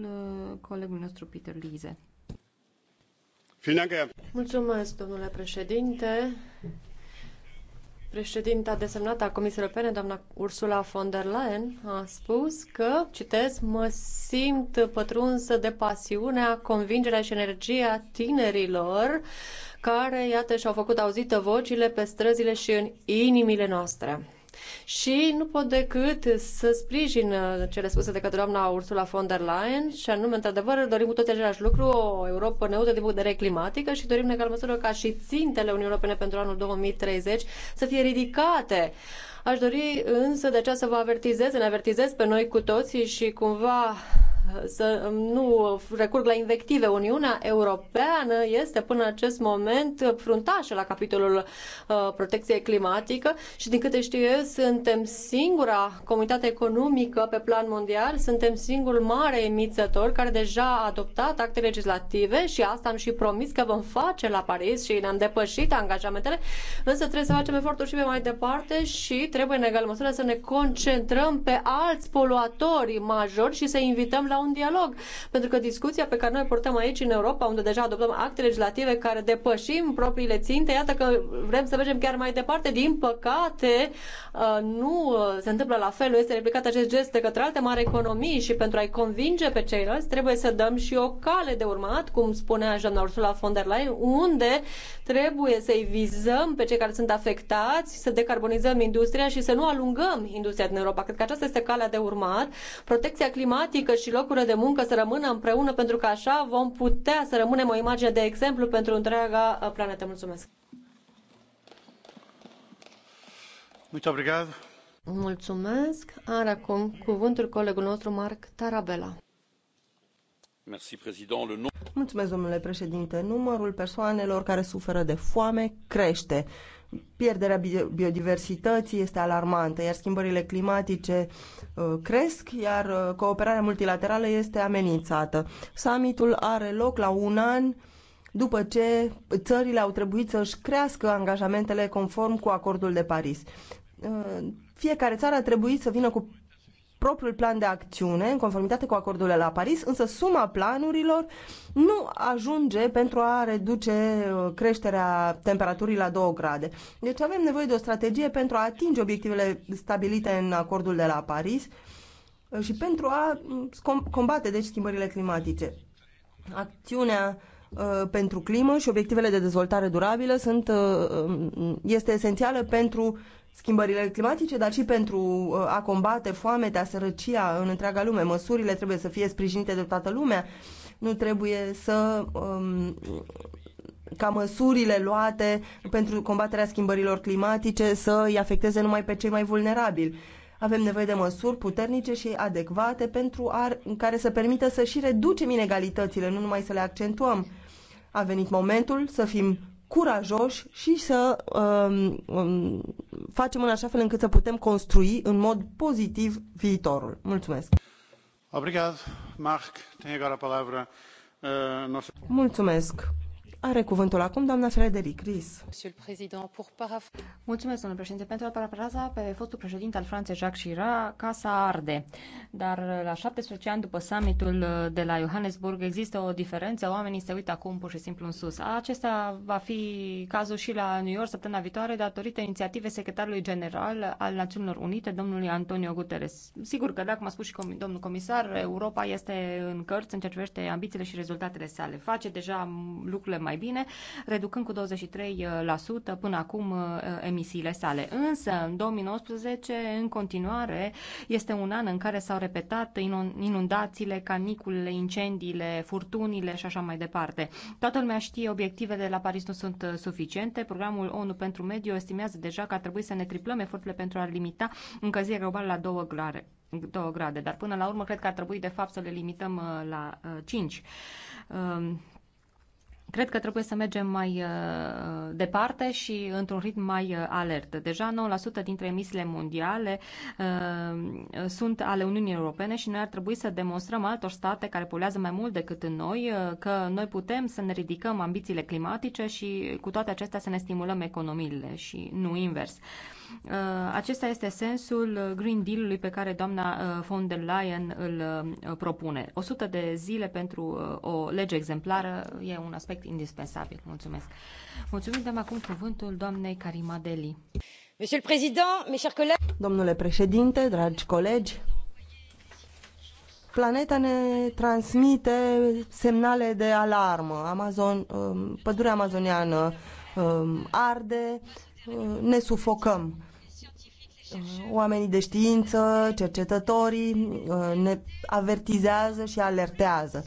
uh, colegului nostru Peter Lize. Mulțumesc, domnule președinte. Președinta desemnată a Comisiei Europene, doamna Ursula von der Leyen, a spus că, citez, mă simt pătrunsă de pasiunea, convingerea și energia tinerilor care, iată, și-au făcut auzită vocile pe străzile și în inimile noastre și nu pot decât să sprijin uh, cele spuse de către doamna Ursula von der Leyen și anume, într-adevăr, dorim cu toate același lucru, o Europa neutră din punct de vedere climatică și dorim în egală măsură ca și țintele Uniunii Europene pentru anul 2030 să fie ridicate. Aș dori însă de aceea să vă avertizez, să ne avertizez pe noi cu toții și cumva să nu recurg la invective. Uniunea Europeană este până în acest moment fruntașă la capitolul uh, protecției climatică și din câte știu eu suntem singura comunitate economică pe plan mondial, suntem singurul mare emițător care deja a adoptat acte legislative și asta am și promis că vom face la Paris și ne-am depășit angajamentele, însă trebuie să facem eforturi și pe mai departe și trebuie în egală măsură să ne concentrăm pe alți poluatori majori și să invităm la la un dialog. Pentru că discuția pe care noi portăm aici în Europa, unde deja adoptăm acte legislative care depășim propriile ținte, iată că vrem să mergem chiar mai departe. Din păcate, uh, nu uh, se întâmplă la fel, nu este replicat acest gest de către alte mari economii și pentru a-i convinge pe ceilalți trebuie să dăm și o cale de urmat, cum spunea Jean Ursula von der Leyen, unde trebuie să-i vizăm pe cei care sunt afectați, să decarbonizăm industria și să nu alungăm industria din Europa. Cred că aceasta este calea de urmat. Protecția climatică și loc locurile de muncă, să rămână împreună, pentru că așa vom putea să rămânem o imagine de exemplu pentru întreaga uh, planetă. Mulțumesc! Mulțumesc. Are acum cuvântul colegul nostru Marc Tarabella. Mulțumesc, domnule președinte. Numărul persoanelor care suferă de foame crește. Pierderea biodiversității este alarmantă, iar schimbările climatice uh, cresc, iar uh, cooperarea multilaterală este amenințată. Summitul are loc la un an după ce țările au trebuit să-și crească angajamentele conform cu acordul de Paris. Uh, fiecare țară a trebuit să vină cu propriul plan de acțiune în conformitate cu acordul la Paris, însă suma planurilor nu ajunge pentru a reduce uh, creșterea temperaturii la 2 grade. Deci avem nevoie de o strategie pentru a atinge obiectivele stabilite în acordul de la Paris uh, și pentru a mm, combate deci schimbările climatice. Acțiunea uh, pentru climă și obiectivele de dezvoltare durabilă sunt, mm, este esențială pentru schimbările climatice, dar și pentru uh, a combate foametea, sărăcia în întreaga lume. Măsurile trebuie să fie sprijinite de toată lumea. Nu trebuie să um, ca măsurile luate pentru combaterea schimbărilor climatice să îi afecteze numai pe cei mai vulnerabili. Avem nevoie de măsuri puternice și adecvate pentru a, care să permită să și reducem inegalitățile, nu numai să le accentuăm. A venit momentul să fim curajoși și să um, um, facem în așa fel încât să putem construi în mod pozitiv viitorul. Mulțumesc! Obrigado, Marc. Tem agora a palavra. Uh, nosso... Mulțumesc! Are cuvântul acum doamna Frederic Ries. Mulțumesc, domnule președinte, pentru a parafraza pe fostul președinte al Franței Jacques Chirac, casa arde. Dar la 17 ani după summitul uh, de la Johannesburg există o diferență, oamenii se uită acum pur și simplu în sus. Acesta va fi cazul și la New York săptămâna viitoare datorită inițiativei secretarului general al Națiunilor Unite, domnului Antonio Guterres. Sigur că, dacă m-a spus și domnul comisar, Europa este în cărți în ce privește ambițiile și rezultatele sale. Face deja lucrurile mai bine, reducând cu 23% până acum uh, emisiile sale. Însă, în 2019, în continuare, este un an în care s-au repetat inundațiile, caniculele, incendiile, furtunile și așa mai departe. Toată lumea știe, obiectivele de la Paris nu sunt uh, suficiente. Programul ONU pentru mediu estimează deja că ar trebui să ne triplăm eforturile pentru a limita încălzirea globală la 2 grade. 2 grade, dar până la urmă cred că ar trebui de fapt să le limităm uh, la 5. Cred că trebuie să mergem mai uh, departe și într-un ritm mai uh, alert. Deja 9% dintre emisiile mondiale uh, sunt ale Uniunii Europene și noi ar trebui să demonstrăm altor state care poluează mai mult decât noi uh, că noi putem să ne ridicăm ambițiile climatice și cu toate acestea să ne stimulăm economiile și nu invers. Uh, Uh, acesta este sensul Green Deal-ului pe care doamna uh, von der Leyen îl uh, propune. 100 de zile pentru o lege exemplară e un aspect indispensabil. Mulțumesc. Mulțumim, dăm acum cuvântul doamnei Karima Deli. Domnule președinte, dragi colegi, planeta ne transmite semnale de alarmă. Amazon, um, pădurea amazoniană um, arde, ne sufocăm. Oamenii de știință, cercetătorii uh, ne avertizează și alertează.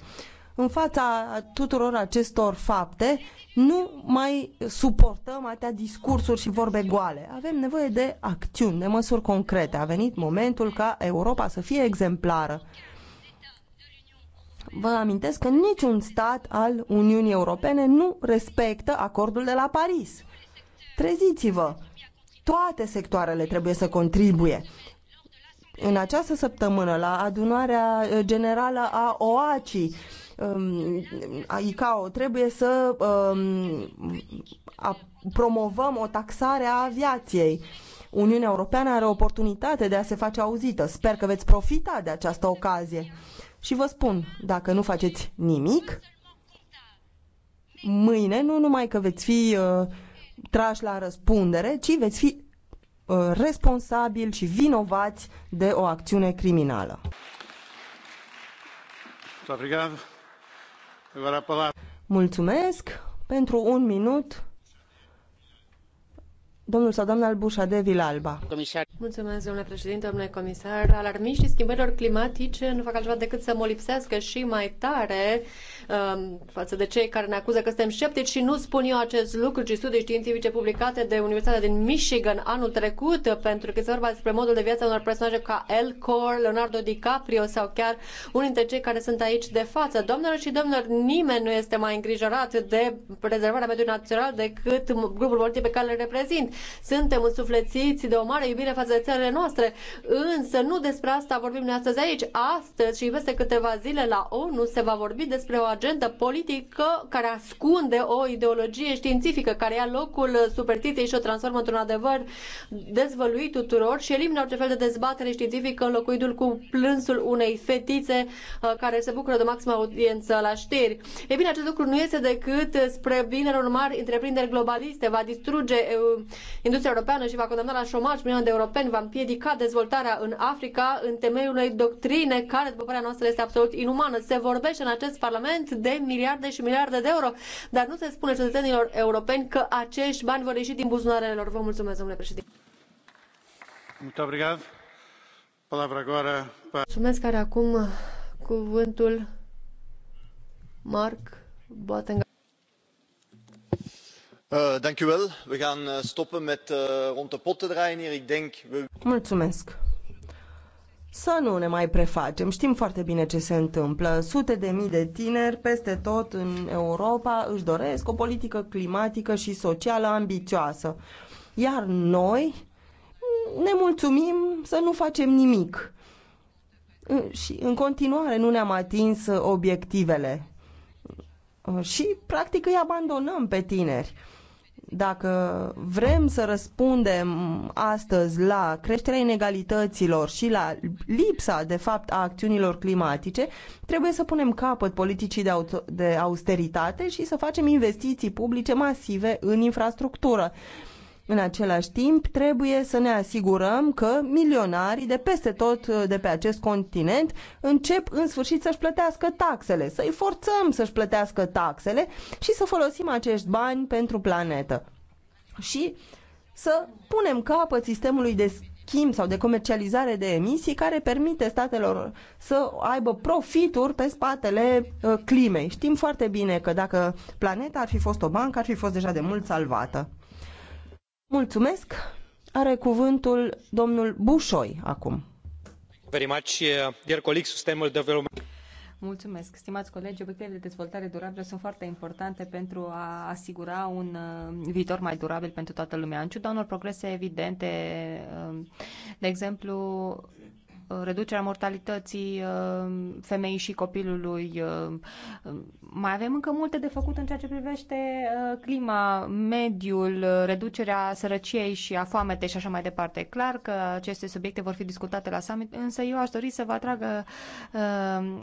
În fața tuturor acestor fapte, nu mai suportăm atâtea discursuri și vorbe goale. Avem nevoie de acțiuni, de măsuri concrete. A venit momentul ca Europa să fie exemplară. Vă amintesc că niciun stat al Uniunii Europene nu respectă acordul de la Paris Treziți-vă! Toate sectoarele trebuie să contribuie. În această săptămână, la adunarea eh, generală a OACI, um, ICAO, trebuie să um, promovăm o taxare a aviației. Uniunea Europeană are o oportunitate de a se face auzită. Sper că veți profita de această ocazie. Și vă spun, dacă nu faceți nimic, mâine nu numai că veți fi uh, trași la răspundere, ci veți fi uh, responsabili și vinovați de o acțiune criminală. Mulțumesc. Pentru un minut, domnul sau doamna Albușa de Vilalba. Comisar. Mulțumesc, domnule președinte, domnule comisar. Alarmiștii schimbărilor climatice nu fac altceva decât să mă lipsească și mai tare Um, față de cei care ne acuză că suntem sceptici și nu spun eu acest lucru, ci studii științifice publicate de Universitatea din Michigan anul trecut, pentru că se vorba despre modul de viață unor personaje ca El Cor, Leonardo DiCaprio sau chiar unul dintre cei care sunt aici de față. Domnilor și domnilor, nimeni nu este mai îngrijorat de rezervarea mediului național decât grupul politic pe care le reprezint. Suntem însuflețiți de o mare iubire față de țările noastre, însă nu despre asta vorbim noi astăzi aici. Astăzi și peste câteva zile la ONU se va vorbi despre o agendă politică care ascunde o ideologie științifică care ia locul superstiției și o transformă într-un adevăr dezvăluit tuturor și elimină orice fel de dezbatere științifică înlocuindu-l cu plânsul unei fetițe uh, care se bucură de maximă audiență la știri. E bine, acest lucru nu este decât spre binele unor mari întreprinderi globaliste, va distruge uh, industria europeană și va condamna la șomaj milioane de europeni, va împiedica dezvoltarea în Africa în temeiul unei doctrine care, după părerea noastră, este absolut inumană. Se vorbește în acest Parlament evident, de miliarde și miliarde de euro, dar nu se spune cetățenilor europeni că acești bani vor ieși din buzunarele lor. Vă mulțumesc, domnule președinte. Mulțumesc, care acum cuvântul Mark Boatenga. Uh, eh, uh, well. We we... gaan eh, stoppen met eh, rond de pot te draaien hier. Ik denk Mulțumesc să nu ne mai prefacem. Știm foarte bine ce se întâmplă. Sute de mii de tineri peste tot în Europa își doresc o politică climatică și socială ambițioasă. Iar noi ne mulțumim să nu facem nimic. Și în continuare nu ne-am atins obiectivele. Și practic îi abandonăm pe tineri dacă vrem să răspundem astăzi la creșterea inegalităților și la lipsa, de fapt, a acțiunilor climatice, trebuie să punem capăt politicii de, de austeritate și să facem investiții publice masive în infrastructură. Uh, în același timp, trebuie să ne asigurăm că milionarii de peste tot uh, de pe acest continent încep în sfârșit să-și plătească taxele, să-i forțăm să-și plătească taxele și să folosim acești bani pentru planetă. Și să punem capăt sistemului de schimb sau de comercializare de emisii care permite statelor să aibă profituri pe spatele uh, climei. Știm foarte bine că dacă planeta ar fi fost o bancă, ar fi fost deja de mult salvată. Mulțumesc. Are cuvântul domnul Bușoi acum. Very much, uh, dear colleagues, sustainable development. Mulțumesc. Stimați colegi, obiectivele de dezvoltare durabilă sunt foarte importante pentru a asigura un uh, viitor mai durabil pentru toată lumea. În ciuda unor progrese evidente, uh, de exemplu, Uh, reducerea mortalității uh, femeii și copilului. Uh, mai avem încă multe de făcut în ceea ce privește clima, mediul, reducerea sărăciei și a foametei și așa mai departe. Clar că aceste subiecte vor fi discutate la summit, însă eu aș dori să vă atragă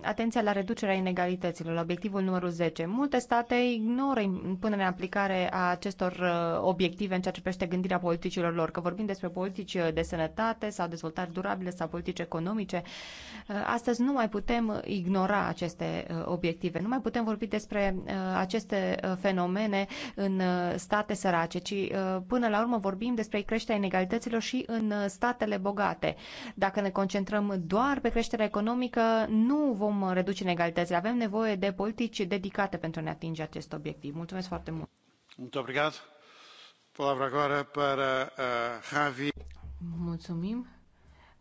atenția la reducerea inegalităților, la obiectivul numărul 10. Multe state ignoră punerea în aplicare a acestor obiective în ceea ce privește gândirea politicilor lor, că vorbim despre politici de sănătate sau dezvoltare durabilă sau politici economice economice. Uh, astăzi nu mai putem ignora aceste uh, obiective, nu mai putem vorbi despre uh, aceste fenomene în state sărace, ci până la urmă vorbim despre creșterea inegalităților și în statele bogate. Dacă ne concentrăm doar pe creșterea economică, nu vom reduce inegalitățile. Avem nevoie de politici dedicate pentru a ne atinge acest obiectiv. Mulțumesc foarte mult! Mulțumim!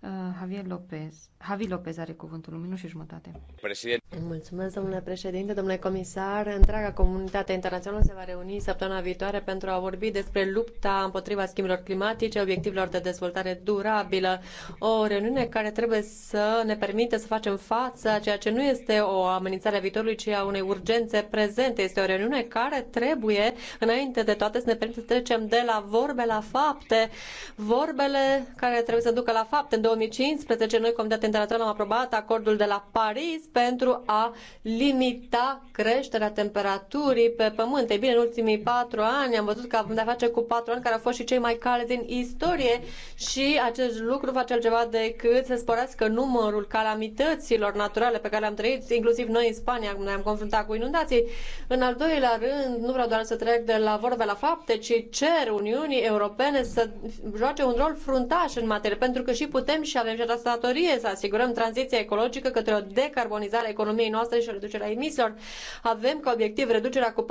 Uh, Javier Lopez. Javi Lopez are cuvântul, un minut și jumătate. Președinte. Mulțumesc, domnule președinte, domnule comisar. Întreaga comunitate internațională se va reuni săptămâna viitoare pentru a vorbi despre lupta împotriva schimbărilor climatice, obiectivelor de dezvoltare durabilă. O reuniune care trebuie să ne permite să facem față a ceea ce nu este o amenințare a viitorului, ci a unei urgențe prezente. Este o reuniune care trebuie, înainte de toate, să ne permite să trecem de la vorbe la fapte, vorbele care trebuie să ducă la fapte. În cincisprezece noi, Comitatul Internațional, am aprobat acordul de la Paris pentru a limita creșterea temperaturii pe Pământ. Ei bine, în ultimii patru ani am văzut că avem de-a face cu patru ani care au fost și cei mai calzi din istorie și acest lucru face altceva decât să sporească numărul calamităților naturale pe care le-am trăit, inclusiv noi în Spania, ne-am confruntat cu inundații. În al doilea rând, nu vreau doar să trec de la vorbe la fapte, ci cer Uniunii Europene să joace un rol fruntaș în materie, pentru că și putem putem și avem și această datorie să asigurăm tranziția ecologică către o decarbonizare a economiei noastre și o reducerea emisiilor. Avem ca obiectiv reducerea cu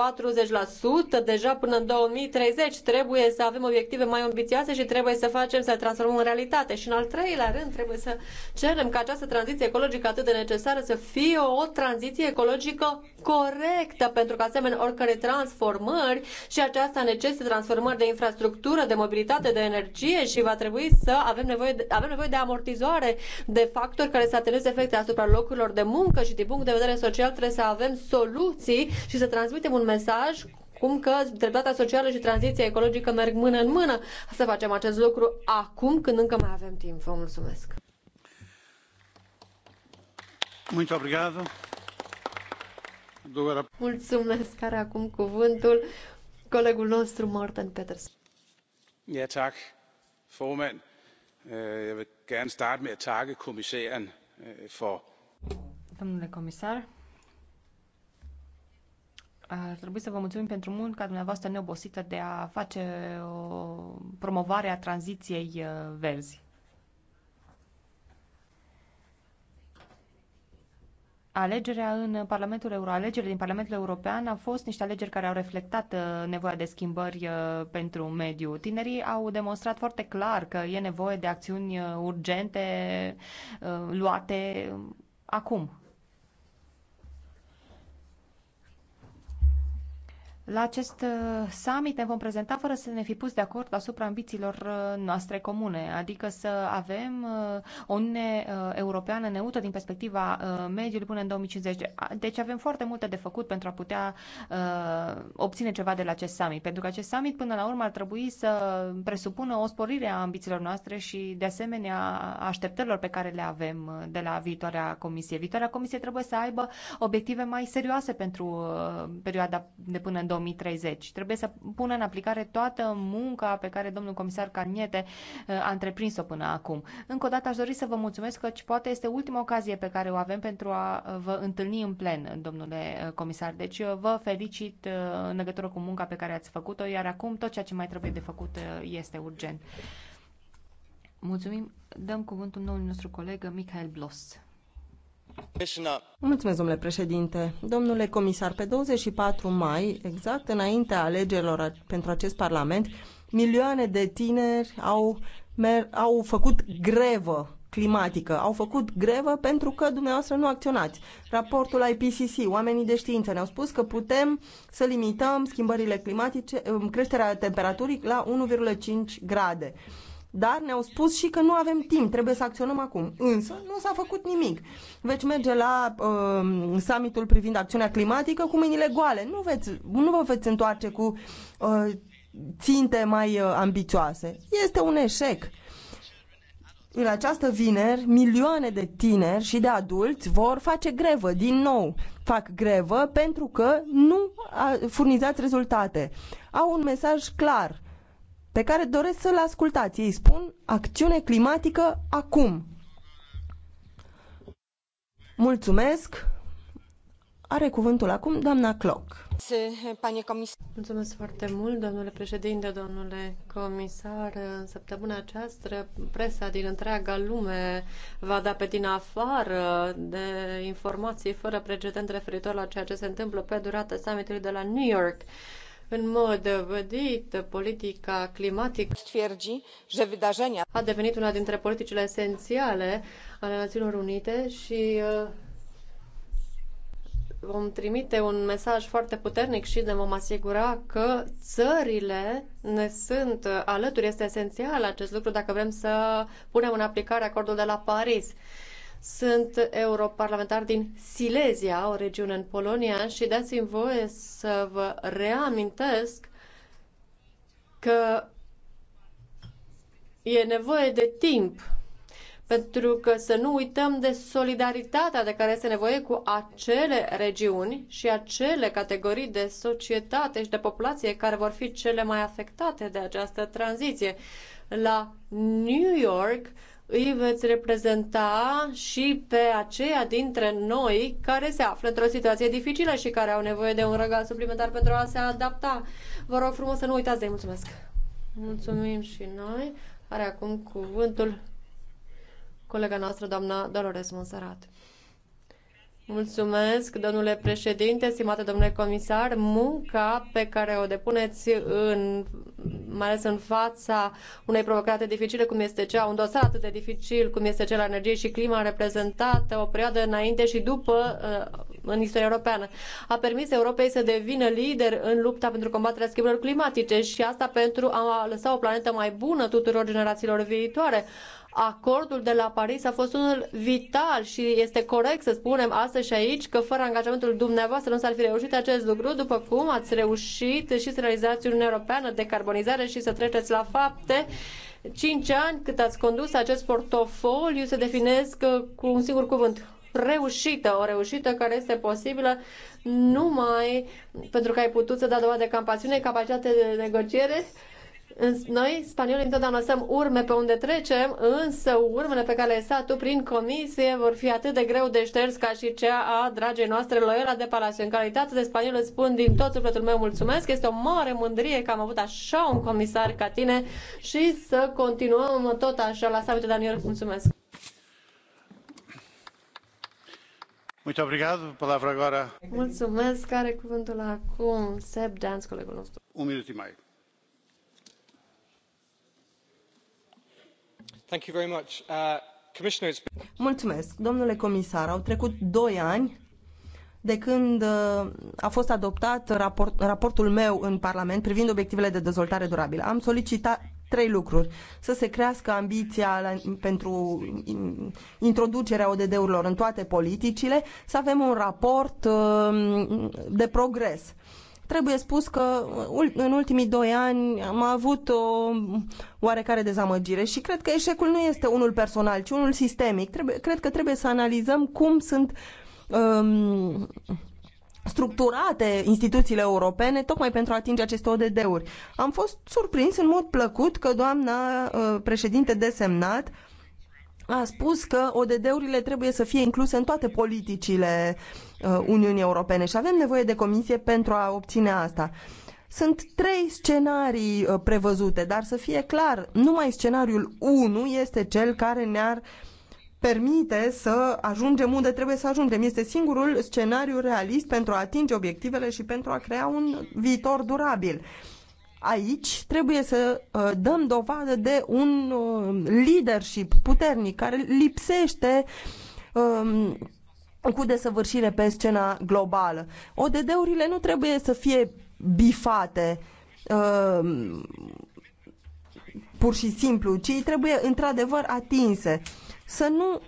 40% deja până în 2030. Trebuie să avem obiective mai ambițioase și trebuie să facem să le transformăm în realitate. Și în al treilea rând trebuie să cerem ca această tranziție ecologică atât de necesară să fie o tranziție ecologică corectă, pentru că asemenea oricărei transformări și aceasta necesită transformări de infrastructură, de mobilitate, de energie și va trebui să avem nevoie de, avem nevoie de de amortizoare de factori care să atenueze efectele asupra locurilor de muncă și din punct de vedere social trebuie să avem soluții și să transmitem un mesaj cum că dreptatea socială și tranziția ecologică merg mână în mână. Să facem acest lucru acum când încă mai avem timp. Vă mulțumesc! Muito obrigado. Mulțumesc, care acum cuvântul colegul nostru Morten Peterson. Ja, tak, formand. Øh, jeg vil gerne starte med at takke kommissæren øh, for. Domnule comisar, ar trebui să vă mulțumim pentru munca dumneavoastră neobosită de a face o promovare a tranziției uh, verzi. alegerea în Parlamentul Euro, alegerile din Parlamentul European au fost niște alegeri care au reflectat uh, nevoia de schimbări uh, pentru mediu. Tinerii au demonstrat foarte clar că e nevoie de acțiuni uh, urgente luate um, acum, La acest uh, summit ne vom prezenta fără să ne fi pus de acord asupra ambițiilor uh, noastre comune, adică să avem uh, o Uniune Europeană neută din perspectiva mediului până în 2050. Deci avem foarte multe de făcut pentru a putea obține ceva de la acest summit, pentru că acest summit până la urmă ar trebui să presupună o sporire a ambițiilor noastre și de asemenea așteptărilor pe care le avem de la viitoarea comisie. Viitoarea comisie trebuie să aibă obiective mai serioase pentru perioada de până în 2050. 2030. Trebuie să pună în aplicare toată munca pe care domnul comisar Caniete uh, a întreprins-o până acum. Încă o dată aș dori să vă mulțumesc că poate este ultima ocazie pe care o avem pentru a uh, vă întâlni în plen, domnule uh, comisar. Deci vă felicit în legătură cu munca pe care ați făcut-o, iar acum tot ceea ce mai trebuie de făcut este urgent. Mulțumim. Dăm cuvântul noului nostru coleg, Michael Bloss. Mulțumesc, domnule președinte. Domnule comisar, pe 24 mai, exact înaintea alegerilor pentru acest parlament, milioane de tineri au, au făcut grevă climatică. Au făcut grevă pentru că dumneavoastră nu acționați. Raportul IPCC, oamenii de știință ne-au spus că putem să limităm schimbările climatice, creșterea temperaturii la 1,5 grade dar ne-au spus și că nu avem timp, trebuie să acționăm acum. Însă nu s-a făcut nimic. Veți merge la uh, summitul privind acțiunea climatică cu mâinile goale. Nu, veți, nu vă veți întoarce cu uh, ținte mai uh, ambițioase. Este un eșec. În această vineri, milioane de tineri și de adulți vor face grevă din nou. Fac grevă pentru că nu furnizați rezultate. Au un mesaj clar pe care doresc să l ascultați. Ei spun acțiune climatică acum. Mulțumesc. Are cuvântul acum doamna Cloc. Mulțumesc foarte mult, domnule președinte, domnule comisar. În săptămâna aceasta, presa din întreaga lume va da pe din afară de informații fără precedent referitor la ceea ce se întâmplă pe durata summitului de la New York în mod vădit politica climatică a devenit una dintre politicile esențiale ale Națiunilor Unite și uh, vom trimite un mesaj foarte puternic și ne vom asigura că țările ne sunt uh, alături. Este esențial acest lucru dacă vrem să punem în aplicare acordul de la Paris. Sunt europarlamentar din Silesia, o regiune în Polonia, și dați-mi voie să vă reamintesc că e nevoie de timp pentru că să nu uităm de solidaritatea de care este nevoie cu acele regiuni și acele categorii de societate și de populație care vor fi cele mai afectate de această tranziție. La New York, îi veți reprezenta și pe aceia dintre noi care se află într-o situație dificilă și care au nevoie de un răgaz suplimentar pentru a se adapta. Vă rog frumos să nu uitați de ei. Mulțumesc! Mulțumim și noi. Are acum cuvântul colega noastră, doamna Dolores Monserrat. Mulțumesc, domnule președinte, stimate domnule comisar. Munca pe care o depuneți, în, mai ales în fața unei provocate dificile, cum este cea, un dosar atât de dificil, cum este cel al energiei și clima, reprezentată o perioadă înainte și după uh, în istoria europeană, a permis Europei să devină lider în lupta pentru combaterea schimbărilor climatice și asta pentru a lăsa o planetă mai bună tuturor generațiilor viitoare. Acordul de la Paris a fost unul vital și este corect să spunem astăzi și aici că fără angajamentul dumneavoastră nu s-ar fi reușit acest lucru, după cum ați reușit și să realizați Uniunea Europeană de carbonizare și să treceți la fapte. cinci ani cât ați condus acest portofoliu se definesc uh, cu un singur cuvânt, reușită, o reușită care este posibilă numai pentru că ai putut să dai dovadă de compasiune, capacitate de negociere noi, spaniolii, întotdeauna lăsăm urme pe unde trecem, însă urmele pe care le-ai stat tu prin comisie vor fi atât de greu de șters ca și cea a dragei noastre Loela de Palacio. În calitate de spaniol îți spun din tot sufletul meu mulțumesc. Este o mare mândrie că am avut așa un comisar ca tine și să continuăm tot așa la summitul de New York. Mulțumesc! Mulțumesc. Care cuvântul acum? Seb Dance, colegul nostru. Un minut mai. Uh, Mulțumesc, domnule comisar. Au trecut doi ani de când uh, a fost adoptat raport, raportul meu în Parlament privind obiectivele de dezvoltare durabilă. Am solicitat trei lucruri. Să se crească ambiția la, pentru introducerea ODD-urilor în toate politicile, să avem un raport uh, de progres Trebuie spus că în ultimii doi ani am avut o oarecare dezamăgire și cred că eșecul nu este unul personal, ci unul sistemic. Trebuie, cred că trebuie să analizăm cum sunt um, structurate instituțiile europene tocmai pentru a atinge aceste ODD-uri. Am fost surprins în mod plăcut că doamna uh, președinte desemnat uh, a spus că ODD-urile trebuie să fie incluse în toate politicile uh, Uniunii Europene și avem nevoie de comisie pentru a obține asta. Sunt trei scenarii uh, prevăzute, dar să fie clar, numai scenariul 1 este cel care ne-ar permite să ajungem unde trebuie să ajungem. Este singurul scenariu realist pentru a atinge obiectivele și pentru a crea un viitor durabil aici trebuie să uh, dăm dovadă de un uh, leadership puternic care lipsește um, cu desăvârșire pe scena globală. ODD-urile nu trebuie să fie bifate um, pur și simplu, ci trebuie într-adevăr atinse. Să nu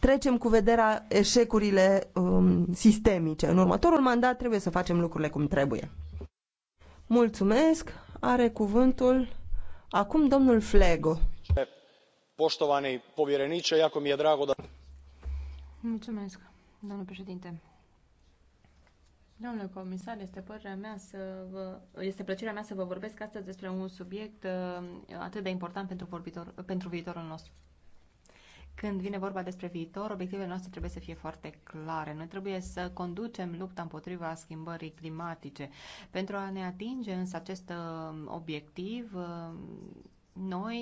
trecem cu vederea eșecurile um, sistemice. În următorul mandat trebuie să facem lucrurile cum trebuie. Mulțumesc! are cuvântul acum domnul Flego. Poștovani povjereniče, jako mi je drago da... Mulțumesc, domnule președinte. Domnule comisar, este, părerea mea să vă, este plăcerea mea să vă vorbesc astăzi despre un subiect uh, atât de important pentru, vorbitor, pentru viitorul nostru când vine vorba despre viitor, obiectivele noastre trebuie să fie foarte clare. Noi trebuie să conducem lupta împotriva schimbării climatice. Pentru a ne atinge însă acest uh, obiectiv, uh, noi